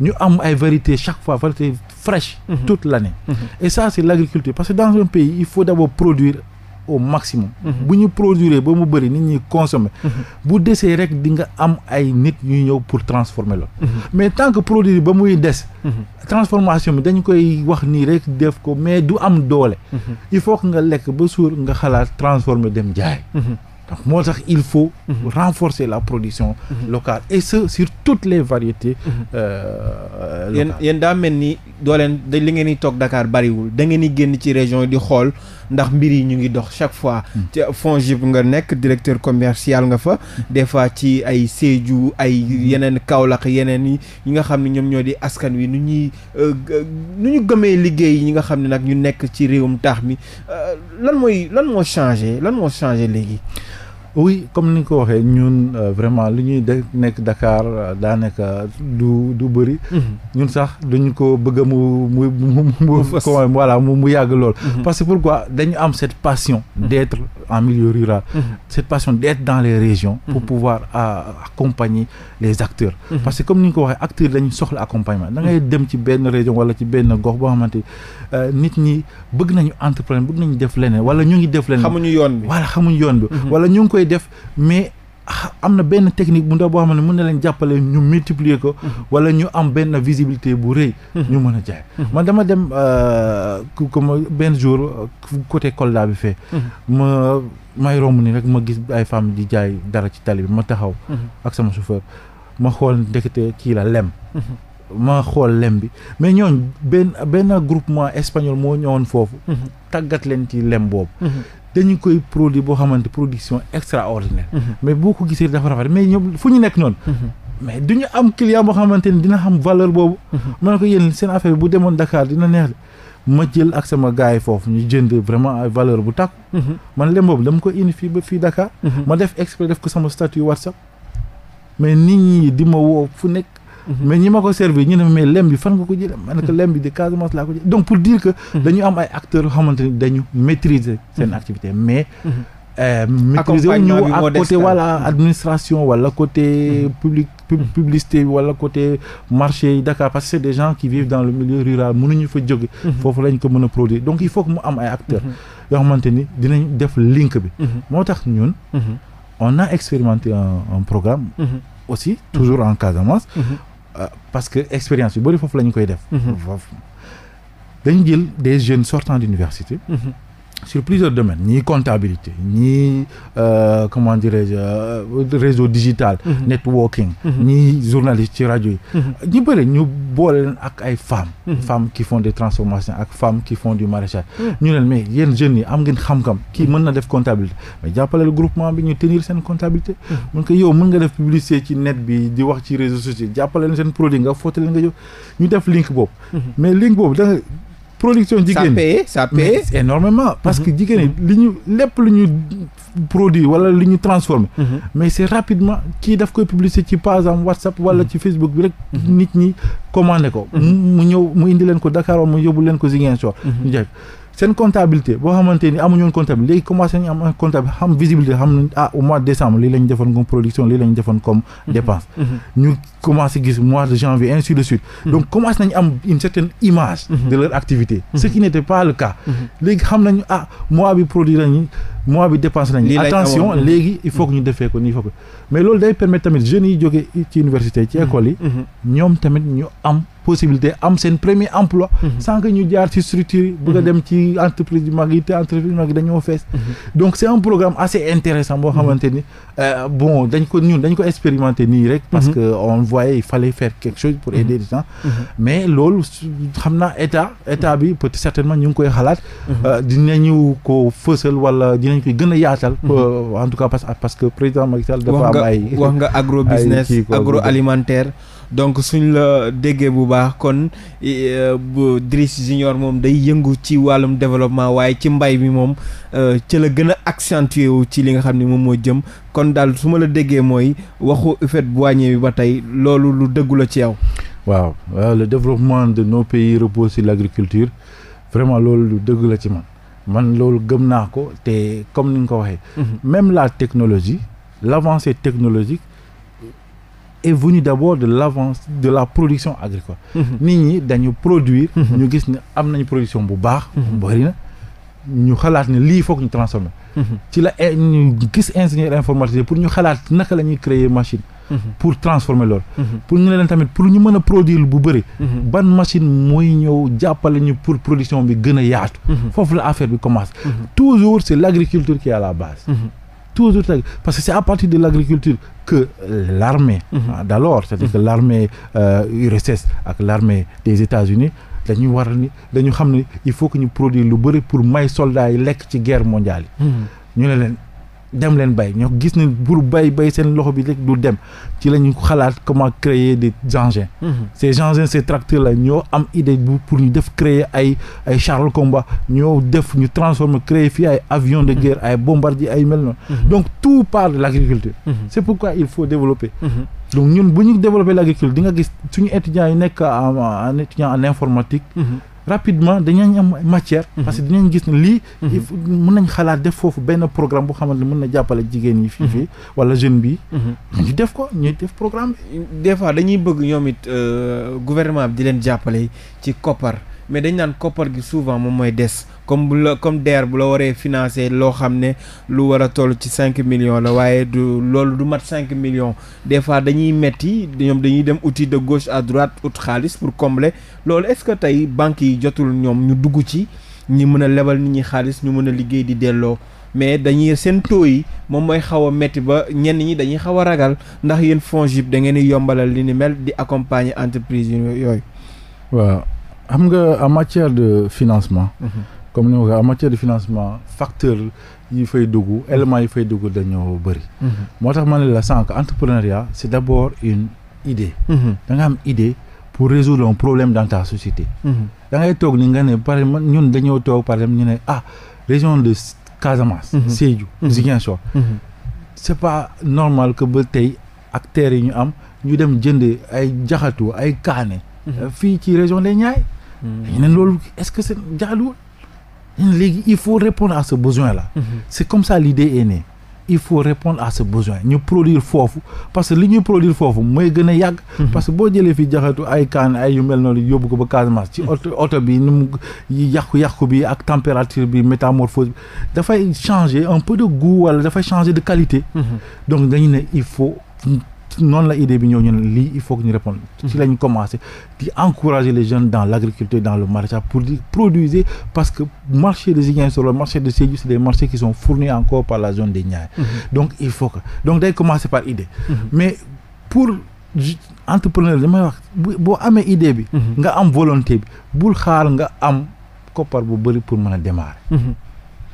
ñu am ay variétés chaque fois variété fraîche toute l'année et ça c'est l'agriculture parce que dans un pays il faut d'abord produire au maximum. Mhm. bu ñu produire ba mu bëri nit ñu consommer. Mhm. bu desee rek di nga am ay nit ñu ñëw pour transformer la. Mhm. mais tant que produit ba muy des. transformation bi dañ koy wax nii rek def ko mais du am doole. il faut que nga lekk ba suur nga xalaat transformer dem jaay. donc moo sax il faut mmh. renforcer la production mmh. locale et ce sur toutes les variétés euh, locales yéen daa mel ni doo da li ngeen di toog Dakar bariwul da ngeen di génn ci région yi di xool ndax mbir yi ñu ngi dox chaque fois. Hmm. ci FONGIP nga nekk directeur commercial nga fa. Hmm. des fois ci ay Sédhiou ay hmm. yeneen Kaolack yeneen yi ñi nga xam ne ñoom ñoo di askan wi nu ñuy euh, nu ñu gëmee liggéey yi ñi nga xam ne nag ñu nekk ci réewum taax mi euh, lan mooy lan moo changé lan moo changé léegi. oui comme ni nga ko waxee ñun euh, vraiment lu ñuy de nekk Dakar euh, daanaka du du bëri. Mhm. ñun sax duñ ko bëgg mu mu mu mu. voilà mu mu yàgg lool. Mhm. parce que pourquoi dañu am cette passion. Mhm. d'être en milieu rural. cette passion d'être dans les régions. pour pouvoir euh, accompagner les acteurs. parce que comme ni nga ko waxee acteurs dañu soxla accompagnement. da ngay dem ci benn région wala ci benn gox boo xamante nit ñi bëgg nañu entreprendre bëgg nañu def leneen wala ñu ngi def leneen. yoon bi voilà koy def mais am na benn technique bu ndaw boo xam ne mën na leen jàppale ñu multiplier ko. Mhm. wala ñu am benn visibilité bu rëy. Mhm. ñu mën a jaay. Mhm. ma dama dem euh, ma benn jour côté Kolda bi fee. ma may romb ni rek ma gis ay femmes di jaay dara ci tali bi ma taxaw. ak sama chauffeur ma xool ndekete kii la lem. ma xool lem bi mais ñooñ benn benn groupement espagnol moo ñëwoon foofu. tàggat leen ci lem boobu. dañu koy produit boo xamante production extraordinaire. Mhm. mais boo ko gisee dafa rafet mais ñoom fu ñu nekk noonu. Mhm. mais du ñu am client boo xamante ni dina xam valeur boobu. mën mhm. na ko yéen seen affaire bu demoon Dakar dina neex ma jël ak sama gars foofu ñu jënd vraiment ay valeur bu tàkku. man lem boobu dama ko indi fii ba fii ma def exprès def ko sama statut WhatsApp. mais nit ñi di ma woo fu nekk. Mhm. mais ñi ma ko servi ñu ne mais lem bi fan nga ko jëlee ma ne ko lem bi de Casamance laa ko jëlee donc pour dire que mhm. dañu am ay acteurs yoo xamante ni dañu maîtriser seen mhm. activité mais euh, maîtriser wu wala administration wala côté public wala côté marché yi parce que c'est des gens qui vivent dans le milieu rural mënuñu fa jóge foofu lañ ko mën a produire donc il faut que mu am ay acteurs yoo xamante ni dinañ def link bi moo tax ñun on a expérimenté un, un programme aussi toujours en Casamance parce que expérience yu bëri foofu la ñu koy def. Mhm. dañu jël des jeunes sortant d'université. Mhm. sur plusieurs domaines ñii comptabilité ñii euh, comment dirais-je euh, réseau digital mm -hmm. networking mhm. ñii journaliste ci rajo yi mhm. ñu bëri ñu boole leen ak ay femmes mhm. femmes qui font des transformations ak femmes qui font du maraîchage ñu leen mais yéen jeunes yi am ngeen xam-xam kii mën na def comptabilité mais jàppaleel groupement bi ñu tenir seen comptabilité mun ko yow mën nga def publicité ci net bi di wax ci réseaux sociaux jàppale leen seen produit nga foote leen nga jow ñu def link boobu mais link boobu production jigéen ça paye ça paye énormément mhm. parce que jigéen li ñu lépp lu ñu produit wala li ñu transformé mhm. mais c'est rapidement kii daf koy publier ci page am WhatsApp wala mhm. ci Facebook bi rek nit ñi commandé ko mu ñëw mu indi leen ko Dakar wala mu yóbbu leen ko Ziguinchor seen comptabilité boo xamante ni amuñu woon comptable léegi commencé am comptable xam visibilité xam ah, au mois de décembre lii lañ defoon comme production lii lañ defoon comme mhm. dépense mhm. ñu commencé gis mois de janvier ainsi de suite mhm. donc commencé nañu am une certaine image de leur activité ce qui n'était pas le cas léegi xam nañu ah mois bi produit lañu mois bi dépense nañu attention léegi il faut que ñu defee ko nii faut que mais loolu day permettre tamit jeunes yi jógee ci université mhm. mhm. am seen premier emploi mhm. sans que ñu jaar ci structure dem ci entreprise yu mag yi te entreprise yu mag yi dañoo fees boo xamante ni euh, bon dañ ko dañ ko expérimenter nii rek parce que on voyait il fallait faire mais loolu xam naa état état bi peut-être certainement ñu ngi koy xalaat euh, dinañu ko fësal wala dinañ koy gën a yaatal. Mhm. Euh, en tout cas parce parce que président Macky Sall dafa am ay wax nga alimentaire. donc suñ la déggee bu baax kon euh, bu Driss Junior moom day yëngu ci wàllum développement waaye ci mbay mi moom euh, ci la gën a accentué wu ci li nga xam ne moom moo jëm kon daal su ma la déggee mooy waxu Houphouët-Boigny bi ba tey loolu lu dëggu la ci yow. waaw le développement de nos pays repose sur l'agriculture vraiment loolu lu dëgg la ci man. man loolu gëm naa ko te comme ni nga ko waxee. Mhm. même la technologie l'avancée technologique est venue d'abord de l'avance de la production agricole. Mhm. nit ñi dañu produire. Mhm. ñu gis ne am nañu production bu baax. bëri na ñu xalaat ne lii foog ñu transformer. ci la eh, ñu gis ingénieur informatique pour ñu xalaat naka la ñuy créer machine. Mhm. pour transformer loolu. Mhm. pour ñu ne leen tamit pour ñu mën a produire bu bëri. Mhm. ban machine mooy ñëw jàppale ñu pour production bi gën a yaatu. foofu la affaire bi commence toujours c' est l' agriculture qui est à la base. toujours parce que c' à partir de l' agriculture que l' armée. Ah, d' alors c' est à dire que l' armée euh, ak l' armée des États-Unis dañuy war ni dañu xam ni il faut que ñu produire lu bëri pour may soldats yi lekk ci guerre mondiale yi. dem leen bay ñoo gis ne pour bay bay seen loxo bi rek du dem ci la ñu xalaat comment créer des engins. Mhm. ces engins ces tracteurs la ñoo am idée bu pour ñu def créer ay ay chars de combat ñoo def ñu transformer créer fii ay avions de mhm. guerre ay bombardiers ay mel mhm. donc tout part de l' agriculture. pourquoi il faut développer. donc ñun bu ñu développer l' agriculture di nga gis suñu étudiants nekk en étudiant en informatique. rapidement dañañ am matière mhm. parce que dinañ gis ne lii mhm. mën nañ xalaat def foofu benn programme boo xamante ne mën na jàppale jigéen yi fii fii mhm. wala jeune bi ñu def ko ñuy def programme des fois dañuy bëgg ñoom it euh, gouvernement bi di leen jàppale ci koppar mais dañu naan koppar gi souvent moom mooy des comme bu la comme DER bu la waree financer loo xam ne lu war a toll ci cinq millions la waaye du loolu du mat cinq millions des fois dañuy metti ñoom dañuy dem outil de gauche à droite ut xaalis pour comble loolu est-ce que tey banques yi jotul ñoom ñu dugg ci ñi mën a lebal nit ñi xaalis ñu mën a liggéey di delloo mais dañuy seen taux yi moom mooy xaw a métti ba ñenn ñi dañuy xaw a ragal ndax yéen FONGIP da ngeen di yombalal li ni mel di accompagner entreprise yooyu. waaw am nga en matière de financement. Mhm. comme ni ma financement facteur yi fay dugg éléments yi fay dugg dañoo bëri. Mhm. moo tax ma ne la sànq entrepreneuriat c' est d' abord une idée. Mhm. da nga am idée pour résoudre un problème dans ta société. da toog ni nga ne par exemple ñun dañoo toog par exemple ñu ne ah région de Casamance. Sédhiou Ziguinchor. c' est pas normal que ba tey acteurs yi ñu am ñu dem jënd ay jaxatu ay kaane. fii ci région des Niayes. ñu mm-hmm. ne loolu est-ce que c'est jaaduwul léegi il faut répondre à ce besoin là mm mm-hmm. c'est comme ça l'idée est née il faut répondre à ce besoin ñu produire foofu parce que li ñuy produire foofu mooy gën a yàgg mm-hmm. parce que boo jëlee fi jaxatu ay kaan ay yu mel noonu yóbbu ko ba Casamance ci oto oto bi ni mu yàqu-yàqu bi ak température bi métamorphose bi dafay changer un peu de goût wala dafay changer de qualité donc dañu ne il faut noonu la idée bi ñëw ñu ne lii il faut que ñu répondre ci lañ commencé di encourager les jeunes dans l' agriculture dans le maraîchage pour di produire parce que marché de Ziguinchor marché de des marchés qui sont fournis encore par la zone des Niayes mm-hmm. donc il faut que donc day commencer par idée mm-hmm. mais pour entrepreneur damay wax boo amee idée bi mm-hmm. nga am volonté bi bul xaar nga am koppar bu bëri pour mën a démarrer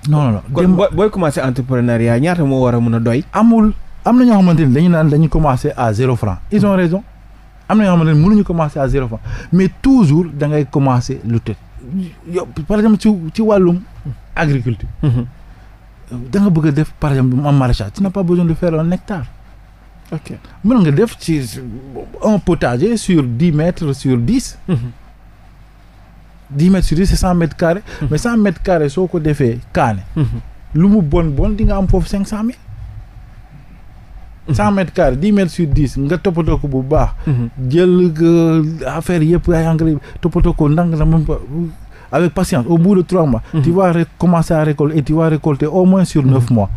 non non non booy commencer entrepreneuriat ñaata moo a mën a doy amul am na ñoo xamante ni dañu naan dañu commencé à zéro franc ils ont raison am na ñoo xamante ni mënuñu commencé à zéro franc mais toujours da ngay commencé lu tëj yow par exemple ci ci wàllum agriculture. Mhm. da nga bëgg def par exemple un maraîchage tu na pas besoin de faire un hectare. ok mën nga def ci un potager sur dix mètres sur dix. Mhm. dix mètres sur dix c'est cent mètres carrés. Mhm. mais cent mètres carrés soo ko defee kaane. lu mu bon bon di nga am foofu cinq cent mille. cent mètres carrés dix mètres sur dix nga toppatoo ko bu baax. Mhm. jël affaire yëpp ay engrais toppatoo ko ndànk na même avec patience au bout de trois mois. Mhm. tu vas commencer à récolter et tu vas récolter au moins sur neuf mhm. mois.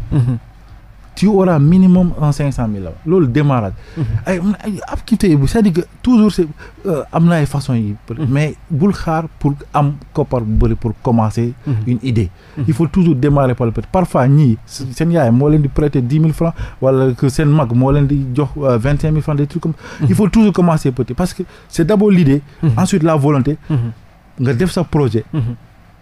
tu auras minimum un cinq cent mille là loolu démarrage mhm. ay ay activité bu c'est-à-dire que toujours c'est euh, am na ay façon yi mhm. mais bul xaar pour am koppar bu bëri pour commencer mhm. une idée il faut toujours démarrer par le petit parfois ñii seen yaay moo leen di prêter dix mille francs wala que seen mag moo leen di jox euh, vingt cinq mille francs des trucs comme il faut toujours commencer petit parce que c'est d'abord l'idée ensuite la volonté nga def sa projet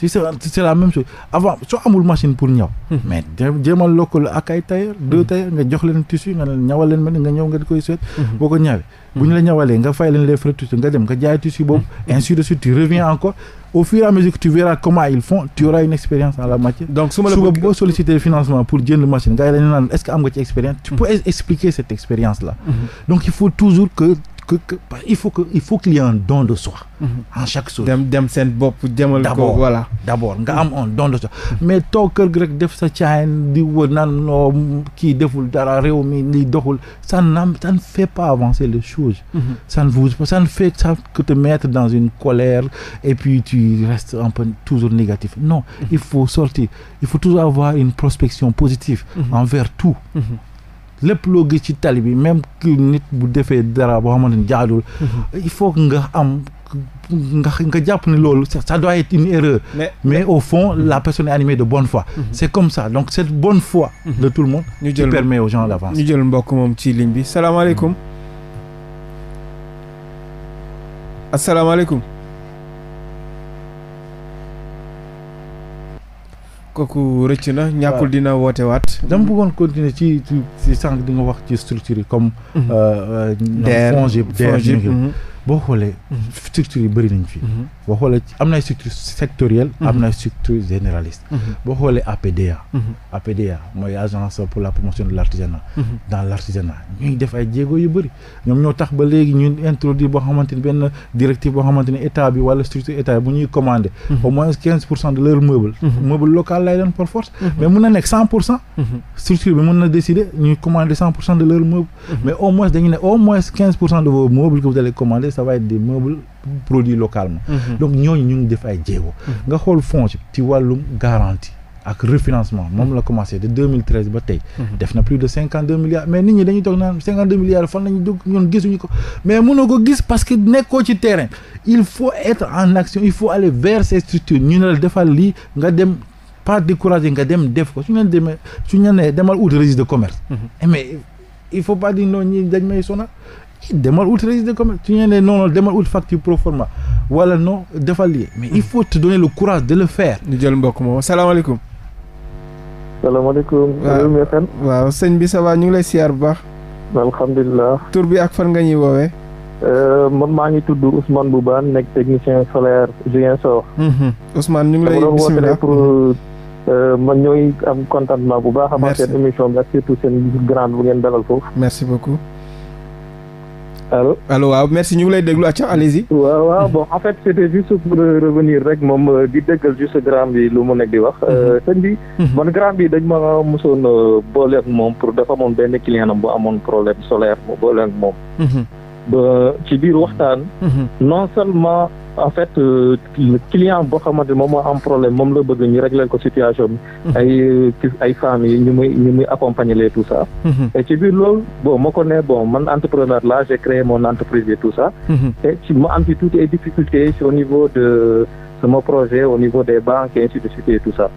si c'est la même chose avant soo amul machine pour ñaw. Hmm. mais jéem a lëkkaloo ak ay tailleur. deux hmm. tailleurs nga jox leen tissu nga ñawal leen mën nga ñëw nga di koy seet. Hmm. boo ko ñawee. bu la ñawalee nga fay leen les frais tissu nga dem nga jaay tissu boobu. ainsi de suite tu reviens encore au fur et à tu verras comment ils font tu auras une expérience en la matière. su boo solliciter financement pour jënd machine gars yi la ñu est expérience. tu que que il faut que il qu'il y ait un don de soi. en mhm. chaque chose dem dem seen bopp demal ko. voilà d'abord nga am un don de soi. Mhm. mais toog kër gi rek def sa caayin di wër naan noo kii deful dara réew mi lii doxul sa ne ça ne fait pas avancer les choses. Mhm. ça ne vous ça ne fait ça que te mettre dans une colère et puis tu restes un peu toujours non. il faut sortir il faut toujours avoir une prospection positive. envers tout. lépp loo gi ci tali bi même ki nit bu defee dara boo xamante ni jaadul mhm. il faut que nga am nga nga jàpp ne loolu ça doit être une erreur mais, au fond mhm. la personne est de bonne foi mm c'est comme ça donc cette bonne foi mhm. de tout le monde ñu jël permet aux gens mbokk moom ci ligne bi salaamaaleykum asalaamaaleykum kooku rëcc na ñàkkul dina woote waat. dama bëggoon continuer ci ci sànq di wax ci structure yi comme. Mhm. Euh, euh, DER FONGIP DER boo xoolee. Mhm. structures yu bëri nañ fi. Mhm. boo xoolee am na ay structures sectorielles. am mhm. na ay structures boo xoolee APDA. APDA mooy agence pour la promotion de l' dans l' ñuy def ay jéego yu bëri ñoom ñoo tax ba léegi ñun introduire boo xamante benn directive boo xamante état bi wala structure état bu ñuy commandé. de leur meuble. local lay doon par force. mais mun na nekk structure bi mun na décider ñuy commandé de leur ça va être des meubles produits localement mhm. donc ñooñu ñu ngi def ay jéego mhm. nga xool fonds ci wàllum garantie ak refinancement moom mhm. la commencé de 2013 ba tey def na plus de cinquante deux milliards mais nit ñi dañuy toog naan milliards fan lañu dugg ñoon gisuñu ko mais mënoo ko gis parce que nekkoo ci terrain il faut être en action il faut aller vers ces ñu ne defal lii nga dem pas découragé nga dem def ko su ñu su ñu nee demal ut registre de commerce eh, mais il faut pas demal ut registre de commerce tu ñu ne non non demal ut facture pro wala non defal yi mais il faut te donner le courage de le faire. ñu jël mbokk moom salaamaaleykum. salaamaaleykum. waaw waaw bi ça va ñu ngi lay siyaar bu baax. alhamdulilah. tur bi ak fan nga ñuy woowee. Euh, man maa ngi tudd usman bu Boubane nekk technicien solaire Ziguinchor. Mhm. Ousmane ñu ngi lay bisimilah pour mhm. euh, man ñooy am contentement bu baax. merci am seen émission bi ak surtout seen grande bu ngeen dalal foofu. merci beaucoup. allo allo waaw merci ñu ngi lay déglu acca allez-y. waaw waaw bon en fait c'était juste pour revenir rek moom euh, di dëggal juste grand bi lu mu nekk di wax. Mhm. Euh, sëñ bi. Mhm. man grand bi dañ ma mosoon euh, boole ak moom pour dafa amoon benn client am bu amoon problème solaire mu boole ak moom. Mhm. ci biir waxtaan. non seulement. en fait euh, client boo xamante moom moo am problème moom la bëgg ñu régler ko situation bi. Mhm. ay ay famille ñu muy ñu muy accompagner les mhm. ci biir loolu bon ma ko ne bon man entrepreneur là j'ai créé mon entreprise et tout ça. Mhm. ci ma am ci toutes les difficultés au niveau de sama projet au niveau des banques et ainsi de suite et tout ça.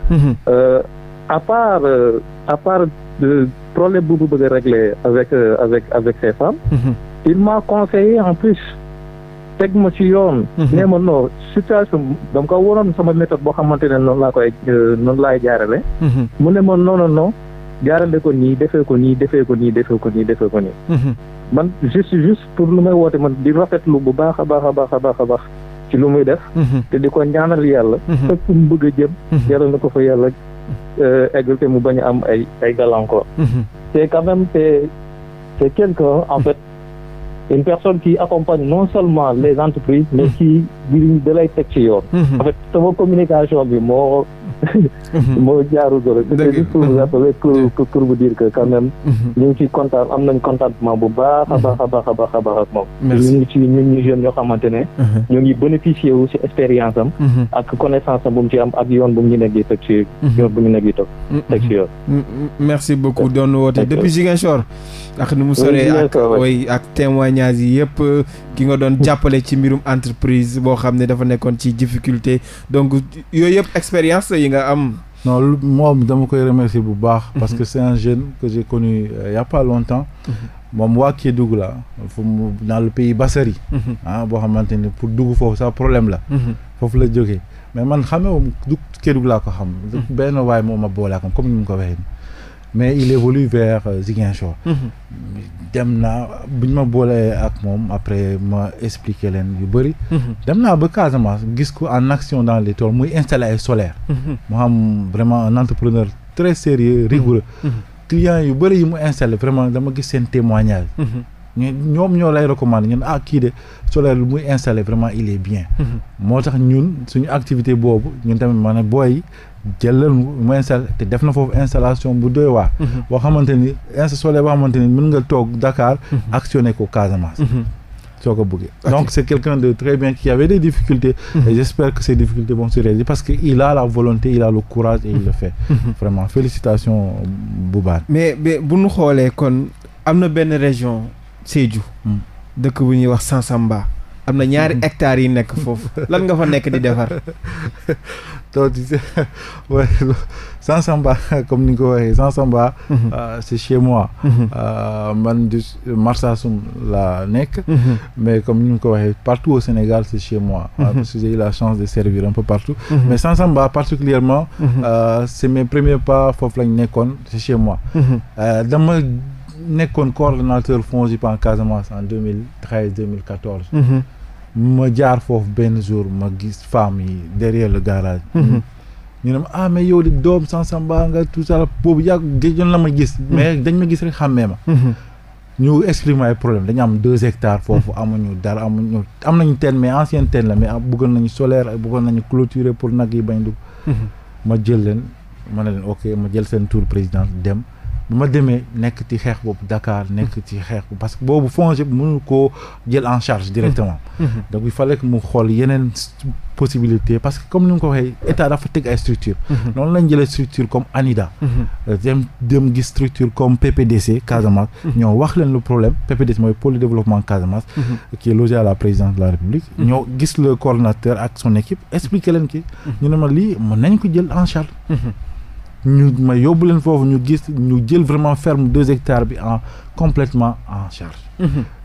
Euh, à part euh, à part le problème bu mu bëgg a régler avec euh, avec ces femmes. il m'a conseillé en plus. teg ma ci yoon. Mhm. nee ma non situation dama ko waroon sama méthode boo xamante ne noonu laa koy euh, noonu laay jaarale. Mhm. mu ne ma non non non jaarale ko nii defee ko nii defee ko nii defee ko nii defee ko nii. Mhm. man juste juste pour lu may woote man di rafetlu bu baax a baax a baax a baax a baax ci lu muy def. te di ko ñaanal yàlla. fépp fu mu bëgg a jëm. yàlla na ko fa yàlla euh, eggal te mu bañ a am ay ay gàllankoor. c'est quand même c'est en fait. une personne qui accompagne non seulement les entreprises mais mmh. qui di dalay teg ci yoon mmh. en fait sama communication bi moo Mm-hmm. moo jaarul ko rek. dëgg la pour mm-hmm. rappeler pour pour vous dire que quand même. Mm-hmm. ñu ngi ciy kontaan am nañ contentement bu baax a baax a baax a baax a baax ak moom. ñu ngi ci ñun ñu jeunes ñoo xamante ne. ñoo ngi bénéficié wu si expérience am. ak connaissance am bu mu ci am ak yoon bu mu ñu nekk di teg si yoon bu mu nekk di toog. teg si yoon. merci beaucoup doon woote depuis Ziguinchor. ak nu mu soree ak way ak témoignages yi yëpp ki nga doon jàppale ci mbirum entreprise boo xam ne dafa nekkoon ci difficulté donc yooyu yëpp nga am. non moom dama koy remercier bu baax. Mhm. parce que c'est un jeune que j'ai connu euh, a pas longtemps. Mhm. moom waa Kédougou la fu mu dans le pays Bassari. Mhm. ah boo xamante ni pour dugg foofu sax problème la. foofu la jógee mais man xamewum du Kédougou laa ko xam. benn waay moo ma boole ak comme ni mu ko waxee. mais il évolue vers euh, Ziguinchor. Mhm. dem naa bu ñu ma boolee ak moom après ma expliquer leen yu bëri. Mhm. dem naa ba Casamance gis ko en action dans les tool muy installé ay solaire mhm. mu am vraiment un entrepreneur très sérieux rigoureux. clients yu bëri yi mu installé vraiment dama gis seen témoignage. ñoom ñoo lay recommander ñun ah kii de solaire lu muy installé vraiment il est bien. moo tax ñun suñu activité boobu ñun tamit ma booy jëlal mu installé te def na foofu installation bu doy waar. Mhm. boo xamante ni insta solaire boo xamante ni mën nga toog Dakar. Mhm. actionné ko Casamance. Mhm. soo ko bëggee donc c' est quelqu'un de très bien qui avait des difficultés. et j' que ces difficultés vont se réaliser parce que il a la volonté il a le courage et il le fait. vraiment félicitations Boubane. mais mais bu ñu xoolee kon am na benn région Sédhiou. Hmm. dëkk bu ñuy wax Sansamba. am na ñaari hmm. hectares yi nekk foofu lan nga fa nekk to wa Sansamba comme ni nga ko waxee Sansamba mhm. euh, c'est chez moi mhm. euh, man du Marsassoum laa nekk mhm. mais comme ni nga ko waxee partout au Sénégal c'est chez moi ah, parce que j'ai eu la chance de servir un peu partout mais Sansamba particulièrement euh, c'est mes premiers pas foofu lañ nekkoon c'est chez moi dama nekkoon coordonnateur FONGIP en Casamance en 2013 2014 ma jaar foofu benn jour ma gis femme yi derrière le garage. Mhm. Hmm. ñu ne ma ah mais yow di doom Sansamba nga tout ça boobu yàgg gëjoon la ma gis. Mhm. mais dañ ma gis rek xàmmee ma. Mhm. ñu exprimer ay problème dañu am deux hectares foofu amuñu dara amuñu am nañu teen mais ancienne teen la mais ah, bëggoon nañu solaire bëggoon nañu clôturer pour nag yi bañ dugg. ma jël leen ma ne leen ok ma jël seen tour président dem. bi ma demee nekk ci xeex boobu Dakar nekk ci xeex boobu parce que boobu FONGIP mënul koo jël en charge directement mm-hmm. Mm-hmm. donc il fallait que mu xool yeneen possibilité parce que comme ni nga ko waxee état dafa tëgg ay structure mm-hmm. noonu lañ jëlee structure comme ANIDA dem gis structure comme PPDC Casamance ñoo wax leen le problème PPDC mooy pôle de développement Casamance qui est logé à la présidence de la République ñoo gis le coordonnateur ak son équipe expliquer leen kii ñu ne ma lii mën nañ ko jël en charge ñu ma yóbbu leen foofu ñu gis ñu jël vraiment ferme deux hectares bi en complètement en charge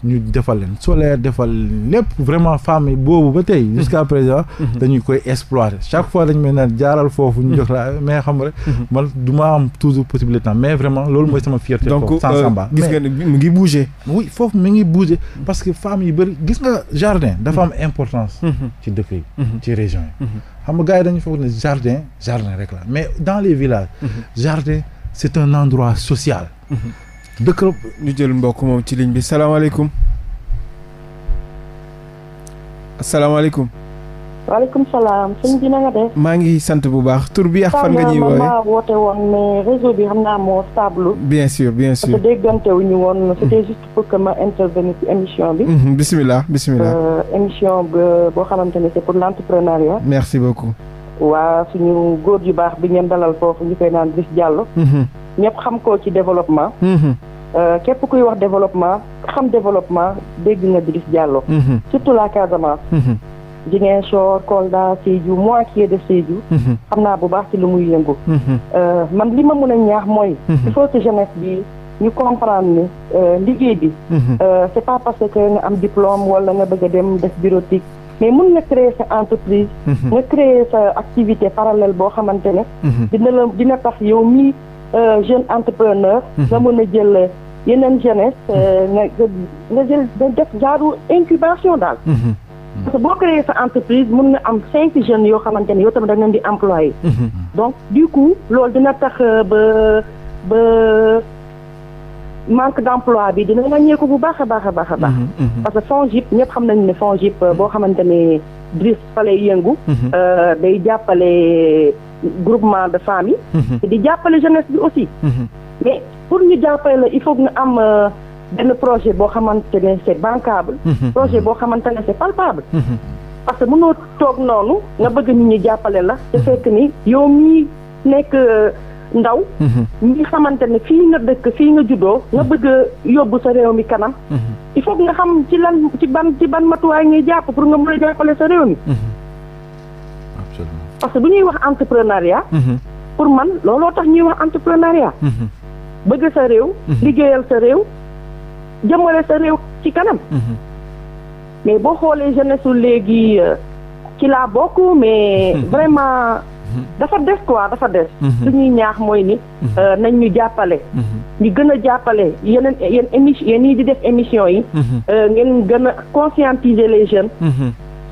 ñu defal leen solaire defal lépp vraiment femme yi boobu ba tey jusqu'à présent dañu koy exploiter chaque fois dañ may naan jaaral foofu ñu jox la mais xam rek man du ma am toujours possibilité mais vraiment loolu mooy sama fierté donc sans euh, samba gis nga mu foofu mi ngi que femme yi gis nga jardin dafa am importance ci dëkk yi ci région yi xam nga gars yi dañu foog ne jardin jardin rek la mais dans les villages jardin c'est un endroit social dëkk ñu jël mbokk moom ci liñ bi salaamaaleykum. asalaamaaleykum. waaleykum salaam sëñ bi nga def. maa ngi sant bu baax tur bi ak fan nga ñuy wooye maa woote woon mais réseau bi xam naa moo stable. bien sûr bien sûr parce que woon. Mhm. c'était juste pour que émission bi. Mhm, euh, boo xamante ni c'est pour l'entrepreneuriat. merci beaucoup. waa suñu góor yu baax bi ngeen dalal foofu ñu koy naan bis jàll. ñëpp xam ko ci développement. Mm-hmm. Euh, képp kuy wax développement xam développement dégg nga Brice Diallo. Mm-hmm. surtout la Casamance. Mm-hmm. Ziguinchor Kolda mois moitié de Sédhiou. xam naa bu baax ci lu muy yëngu. Euh, man li ma mën a ñaax mooy. il faut que jeunesse bi ñu comprendre ni euh, liggéey bi. c'est pas parce que nga am diplôme wala nga bëgg dem def bureautique mais mun nga créer sa entreprise. nga créer sa activité parallèle boo xamante ne. dina la dina tax yow mii. Euh, jeune entrepreneur. Mhm. nga mën a jël euh, yeneen jeunesse euh, mhm. nga nga jël nga def jaaru incubation daal. Mhm. parce que boo créé sa entreprise mun na am cinq jeunes yoo xamante ne yow tamit da ngeen di employé. donc du coup loolu dina tax ba ba manque d' emploi bi dina wàññeeku bu baax a baax a baax a baax. parce que FONGIP ñëpp xam nañu ne FONGIP boo xamante ne Driss fa lay yëngu. day jàppale. groupement de femmes yi. Mhm. di jàppale jeunesse bi aussi. Mhm. mais pour ñu jàppale la il faut ñu am euh, benn projet boo xamante ne c'est mhm. projet boo xamante ne c'est palpable. parce que mënoo toog noonu nga bëgg nit ñu jàppale la te fekk ni yow mii nekk euh, ndaw. ñi xamante ne fii nga dëkk fii nga juddoo nga bëgg yóbbu sa réew mi kanam. il faut nga xam ci lan ci ban ci ban matuwaay ngay jàpp pour nga mun a jàppale sa réew mi. parce que bu ñuy wax entrepreneuriat. Mhm. pour man looloo tax ñuy wax entrepreneuriat. Mhm. bëgg sa réew. Mhm. liggéeyal sa réew. jëmale sa réew ci kanam. mais boo xoolee jeunesse su léegi euh, ci laa bokk mais vraiment. dafa des quoi dafa des. lu ñuy ñaax mooy ni. Euh, nañ ñu jàppale. ñu gën a jàppale yeneen yéen émission yéen ñii di def émission yi. Euh, ngeen gën a conscientiser les jeunes.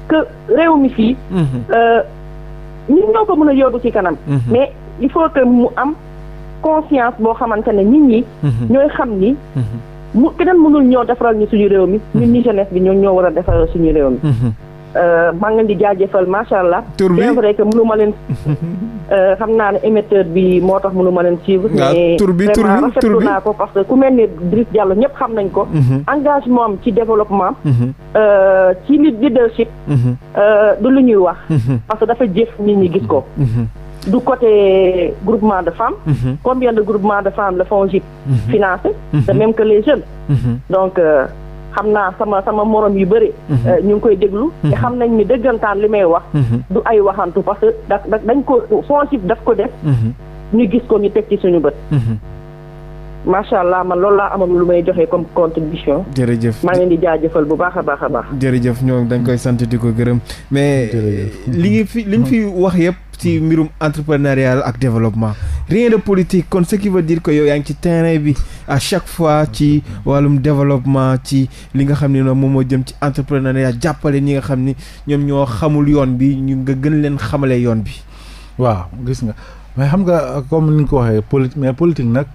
que réew mi fii. ñun ñoo ko mën a yóbbu ci kanam. Mhm. mais il faut que mu am conscience boo xamante ne nit ñi. Mhm. ñooy xam ni. Mhm. mu keneen mënul ñoo defaral ñu suñu réew mi. ñu ñi jeunesse bi ñoo ñoo war a defaral suñu réew mi. Euh, maa ngi leen di jaajëfal macha allah. tur bi c'est vrai que ma leen. Euh, xam naa ne émetteur bi moo tax mënu ma leen suivre. mais vraiment rafetlu naa ko parce que ku mel ni Driss Diallo ñëpp xam nañ ko. Mhm. engagement am ci développement. Mhm. Euh, ci leadership. Mhm. du lu ñuy wax. parce que dafa jëf nit ñi gis ko. du côté groupement de femmes. Mm -hmm. de groupements de femmes le FONGIP mm -hmm. financé. de même que les jeunes. donc. xam naa sama sama morom yu bëri. Mhm. Euh, ñu ngi koy déglu. Mhm. te xam nañ ni dëggantaan li may wax. Mhm. du ay waxantu parce que da dañ ko foncif daf ko def. ñu gis ko ñu teg ci suñu bët. macha allah man loolu laa amoon lu may joxe comme contribution. jërëjëf maa ngi leen di jaajëfal bu baax a baax a baax. jërëjëf ñoom dañ koy sant di ko gërëm mais. li ngi fi li ñu fi wax yëpp. ci mbirum entrepreneuriat ak développement rien de politique kon ce qui veut dire que yaa ngi ci terrain bi à chaque fois ci wàllum développement ci li nga xam ne noonu moom moo jëm ci entrepreneuriat jàppale ni nga xam ni ñoom ñoo xamul yoon bi ñu nga gën leen xamale yoon bi. waaw gis nga mais xam nga comme ni nga ko waxee politique mais politique nag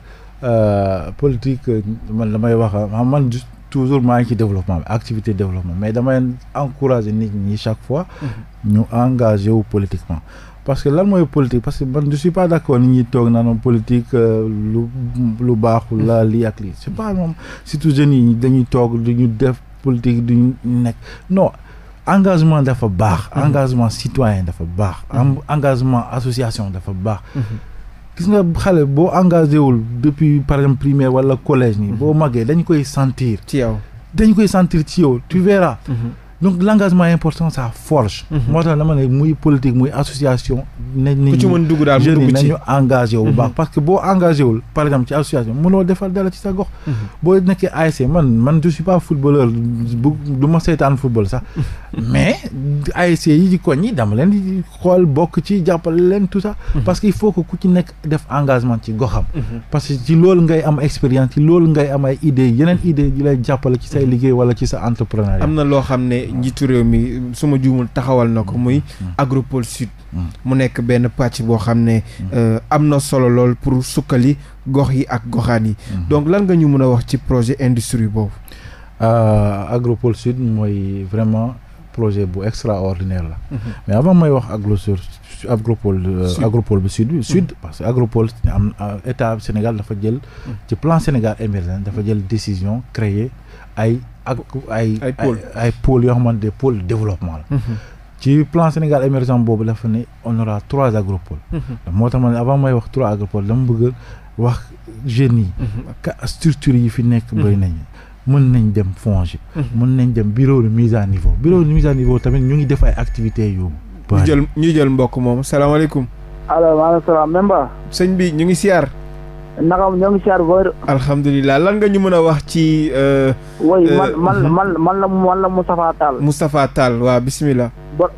euh, politique man damay wax man toujours maa ngi ci développement bi activité développement mais damay encourager nit ñi chaque fois. Mhm. ñu engagé wu politiquement. parce que lan mooy politique parce que man je suis pas d'accord ni ñuy toog naan politique euh, lu lu baaxul la mm-hmm. lii ak lii c'est pas moom surtout jeunes yi dañuy toog du ñu def politique du ñu nekk non engagement dafa baax mm-hmm. engagement citoyen dafa baax mm-hmm. engagement association dafa baax gis nga xale boo engagé wul depuis par exemple primaire wala collège nii boo màggee dañu koy sentir ci yow dañ koy sentir ci yow tu verras donc l'engagement important ça forge. moo tax dama ne muy politique muy association. nañ ku ci mën dugg daal jeunes yi nañu engagé wu. bu baax mhm. parce que boo engagé wul par exemple ci association mënoo defal dara ci sa gox. Mhm. boo nekkee ASC man man je suis pas footballeur bu du ma seetaan football sax. Mhm. mais ASC yi ci koñ yi dama leen di xool bokk ci jàppale leen tout ça. parce que il faut que ku ci nekk def engagement ci goxam. parce que ci lool ngay am expérience ci loolu ngay am ay idées yeneen idées yi lay jàppale ci say liggéey wala ci sa entrepreneuriat. njiitu réew mi suma juumul taxawal na ko muy mm. agropole sud mm. mu nekk benn pàcc boo xam ne mm. euh, am na solo lool pour sukkali gox yi ak goxaan yi mm-hmm. donc lan nga ñu mun a wax ci projet industrie boobu euh, agropole sud mooy vraiment projet bu extraordinaire la mm-hmm. mais avant mooy wax agrosur agropole euh, bi sud sud mm-hmm. parce que agropole am euh, état Sénégal dafa jël ci plan Sénégal émergent dafa jël décision créer ay ak ay ay ay pôles yoo xamante ne pôle de développement la mhm. ci plan Sénégal émergent boobu la ne on aura trois agropoles mhm. moo tax ma ne avant may wax trois agropoles dama bëgg wax jeunes yi mhm. ka structures yi fi nekk bëri nañu mën nañ dem FONGIP mën nañ dem bureau de mise à niveau bureau de mise à niveau tamit ñu ngi def ay activités yu ñu jël ñu jël mbokk moom salaamaaleykum allo maaleykum Memba sëñ bi ñu ngi siyaar naka ñoo ngi siyaar wër. alhamdulilah lan nga ñu mën a wax ci. Euh, woy euh, man man man man la man la Moustapha Tall. Moustapha Tall waaw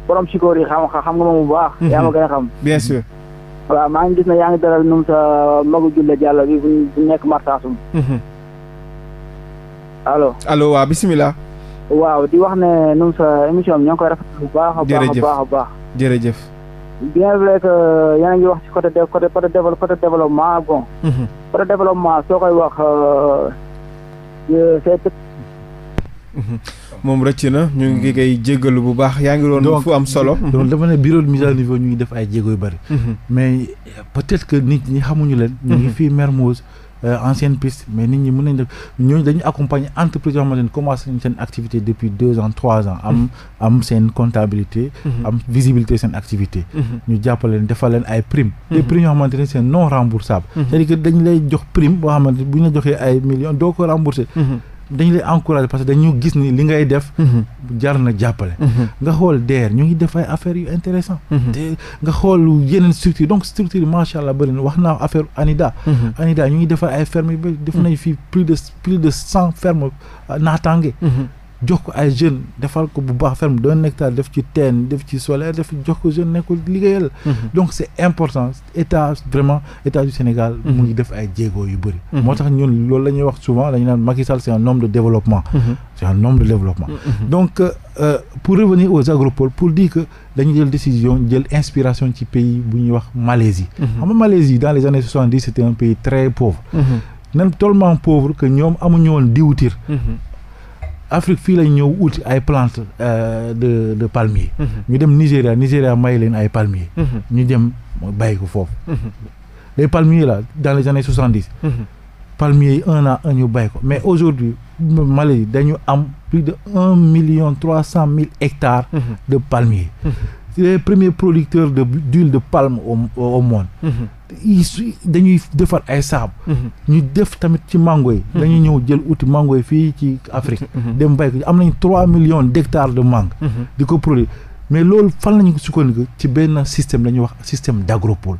borom sikoor yi xam nga moom mu baax. Mhm. yaa ma gën a xam. bien sûr. waaw maa ngi gis ne yaa ngi dalal num sa magu julle jàll bi bu nekk martaasum. Mhm. allo allo waaw bisimilah. waaw di wax ne num sa émision bi ñoo ngi koy rafetlu bu baax a baax baax. jërëjëf. bien vrai que yéen a ngi wax ci côté côté côté côté développement bon. Mhm. côté développement soo koy wax c'est. Euh, mhm. moom rëcc na ñu ngi mhm. koy jéggalu bu baax yaa ngi doon fu am solo. donc dafa ne bureau de mise niveau ñu ngi def ay jéego yu bari. mais peut-être nit ñi xamuñu leen. ñu ngi fii Mermoz Euh, ancienne piste mais nit ñi mën nañ def ñooñu dañuy accompagner entreprise yoo xamante ne seen activité depuis deux ans trois ans am mm-hmm. seen comptabilité mm-hmm. am visibilité seen activité mm-hmm. ñu jàppale leen defal ay prime des primes yoo xamante ne non remboursable c'est-à-dire que lay jox prime boo xamante bu ñu la joxee ay millions doo ko rembourser dañu lay encourager parce que dañu gis ni li ngay def. Mhm. jar na jàppale. Mhm. nga xool DER ñu ngi def ay affaires yu intéressant mhm. te nga xool yeneen structure donc structure macha allah bëri na wax naa affaire ANIDA. ANIDA ñu ngi defar ay fermes yu def nañu fii plus de plus de cent fermes euh, naataange. jox ko ay jeunes defal ko bu baax ferme d'un hectare def ci teen def ci solaire def jox ko jeune nekkul liggéeyal mhm. donc c'est important état vraiment état du Sénégal mu mhm. ngi def ay jéego yu bëri mhm. moo tax ñun loolu la wax souvent dañu naan Macky c'est un homme de développement c'est un homme de développement donc euh, euh, pour revenir aux agropoles pour dire que dañu jël décision jël inspiration ci pays bu ñuy wax Malaisie xam Malaisie dans les années soixante Afrique fii la ñëw uti ay plante euh, de de palmier. Mhm. ñu dem Nigéria Nigéria may leen ay palmier. Mhm. ñu dem bàyyi ko foofu. Mhm. les palmiers là dans les années soixante dix. palmiers yi un à ñu bàyyi ko mais aujourd'hui Mali dañu am plus de million trois cent mille hectares. de palmiers. les premiers producteurs de d'huile de palme au au su dañuy defar ay saabu. Mhm. ñu def tamit ci mango yi. Mhm. dañuy ñëw jël uti mango yi fii ci Afrique. Mhm. dem bay ko am nañ trois millions d' hectares de mangue. di ko produire mais loolu fan lañu ko ci benn système la ñuy wax système d' agropole.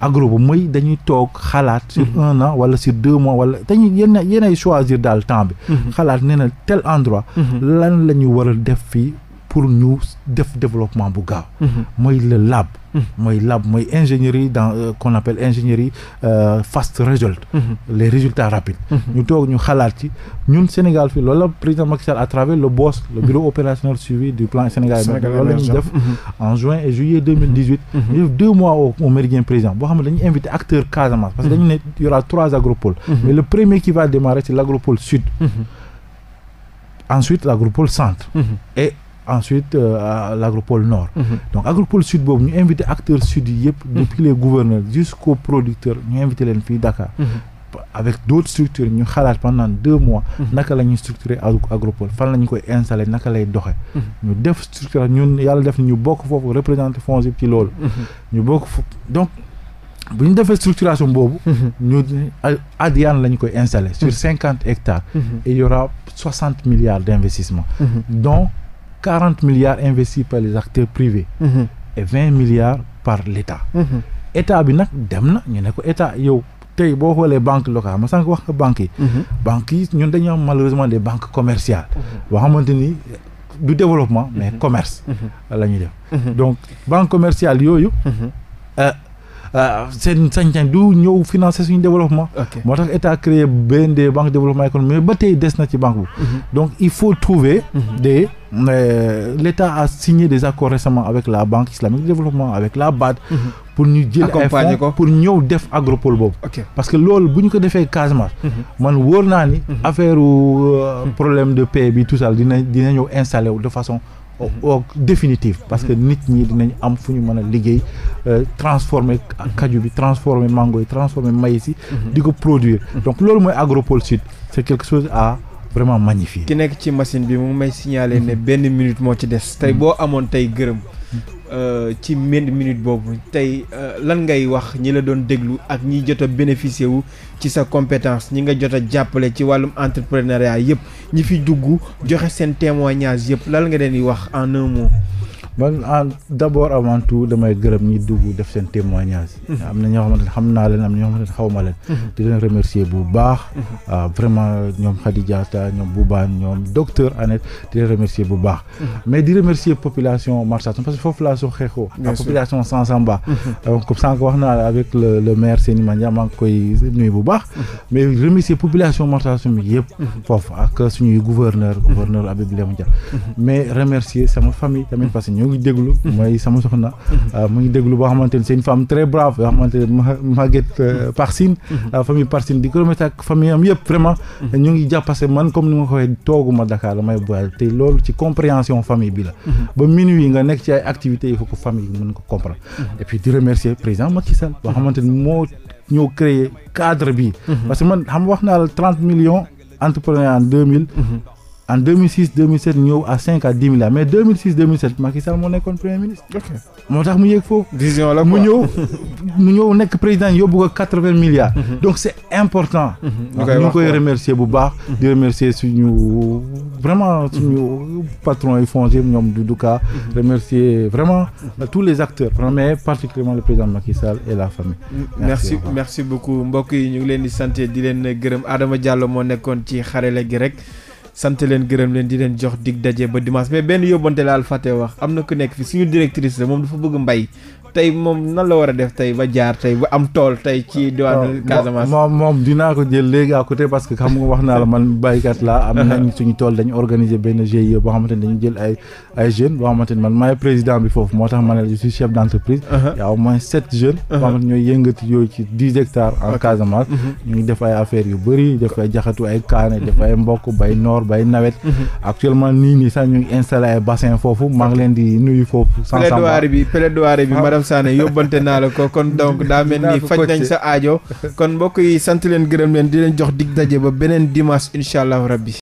agro bu mooy dañuy toog xalaat. sur un an wala sur deux mois wala dañuy yéen a yéen ay choisir daal temps bi. xalaat nee na tel endroit. lan la ñu a def fii. pour ñu def développement bu gaaw mhm. mooy le lab mhm. mooy lab mooy ingénierie dans euh, qu'on appelle ingénierie euh, fast result mhm. les résultats rapides ñu toog ñu xalaat ci Sénégal fii loolu président Macky à travers le BOS le bureau opérationnel suivi du plan Sénégal loolu en juin et juillet deux mois au méridien président boo xam ne dañuy invité acteur Casamance parce que dañu ne trois agropoles mais le premier qui va démarrer c'est l'agropole sud ensuite ensuite euh, à l'Agropole Nord. Mhm. donc Agropole Sud boobu ñu invité acteurs sud yi yëpp. Mhm. depuis les gouverneurs jusqu'aux producteurs ñu invité leen fii Dakar. Mhm. avec d'autres structures ñu xalaat pendant deux mois naka la ñuy structurer agropole fan la ñu koy installer naka lay doxe ñu def structure ñun yàlla def ñu bokk foofu représenter fonds yi ci loolu ñu bokk foofu donc bu ñu defee structuration boobu ñu Adiane koy installer sur hectares il y milliards d'investissement 40 milliards investis par les acteurs privés. Mmh. et milliards par l' mhm. état. bi nag dem na ñu ne ko état yow tey boo xoolee banque locale ma sànq wax nga banques yi. Mhm. banques yi ñun dañoo am malheureusement des banques commerciales. Mhm. boo xamante ni eh, du développement mais commerce. la ñuy def donc banque commerciale yooyu. Eh, eh, seen sañ-sañ du ñëw financer suñu développement. moo tax état créé BND banque développement économique ba tey des na ci banque bu donc il faut trouver des. euh, l'État a signé des accords récemment avec la Banque islamique de développement avec la BAD. Mm -hmm. pour ñu jël ay fonds pour ñëw def agropole boobu. Okay. parce que loolu bu ñu ko defee Casamance. Mhm. man wóor naa ni. Mhm. affaire euh, mhm. problème de paix bi tout ça dina dina ñëw installé wu de façon. au définitive parce que nit ñi dinañ am fu ñu mën a liggéey euh, transformer kaju bi transformer mango yi transformer maïs di ko produire. donc loolu mooy agropole sud c'est quelque chose à. vraiment magnifié. ki nekk ci machine bi mu may signaler ne mhm. benn minute moo ci des tey boo mhm. amoon tey gërëm mhm. euh, ci benn minute boobu tey euh, lan ngay wax ñi la doon déglu ak ñi jot a wu ci sa compétence ñi nga jot a jàppale ci wàllum entrepreneuriat yëpp ñi fi dugg joxe seen témoignage yëpp lan nga leen di wax en un mot. man en ah, d' damay gërëm ñi dugg def seen témoignage. Mhm. Ah, am na ñoo xamante ne xam naa leen am na ñoo xamante ne leen. Mhm. di leen bu baax. Mhm. Ah, vraiment ñoom Khady Diatta ñoom Boubane ñoom docteur Annette di leen bu baax. mais di remercier population Marsassoum parce que foofu laa soo xeexoo. la population Sansamba. donc comme sànq wax naa avec le le maire Seyni koy nuyu bu baax. mais remercier population Marsassoum yëpp. foofu ak suñuy gouverneur gouverneur Habib Léonard. mais remercier sama famille tamit parce que man ma ko waxee tooguma Dakar damay voyage te loolu ci compréhension famille bi la. Mm-hmm. ba minuit nga nekk ci ay activités il faut famille bi ko comprendre. Mm-hmm. et puis di remercier président Macky Sall. boo xamante moo ñoo créer cadre bi. Mm-hmm. parce que xam wax naa la trente millions entrepreneurs en en 2006 2007 ñëw à 5 à 10 milliards mais 2006 2007 Macky Sall moo nekkoon premier ministre. ok moo tax mu yéeg foofu. la mu ñëw mu ñëw nekk président yóbbu ko 80 milliards. Mhm. donc c' est important. Mhm. ñu koy ñu koy remercier bu baax. Mhm. di remercier suñu vraiment suñu patron yi fongé ñoom du cas. remercier vraiment tous les acteurs. mais particulièrement le président Macky Sall et la famille. merci merci beaucoup mbokk yi ñu ngi leen di sant di leen gërëm Adama Diallo moo nekkoon ci xarale gi rek. sante leen gërëm leen di leen jox dig daje ba dimaas mais benn yóbbante laal fàtte wax am na ku nekk fi suñu directrice la moom dafa bëgg mbay tey moom nan la war a def tey ba jaar tey ba am tool tey ci diwaanu oh, Casamance moom moom dinaa ko jël léegi à côté parce que xam nga wax naa la man baykat laa am nañ suñu tool dañu organiser boo xamante ne dañu jël ay man maay président bi foofu moo tax ma ne la je suis chef uh-huh. a au moins sept jeunes boo uh-huh. xamante ñooy yëngati yooyu ci dix hectares en Casamance uh-huh. ñu bay noor bay nawet actuellement nii nii sax ñu ngi installé ay bassin foofu maa ngi leen di nuyu foofu sans plaidoirie bi plaidoirie bi ah, Pape Sané yóbbante naa la ko kon donc daa mel ni faj nañ sa aajo kon mbokk yi sant leen gërëm leen di leen jox dig daje ba beneen dimanche incha allah rabbi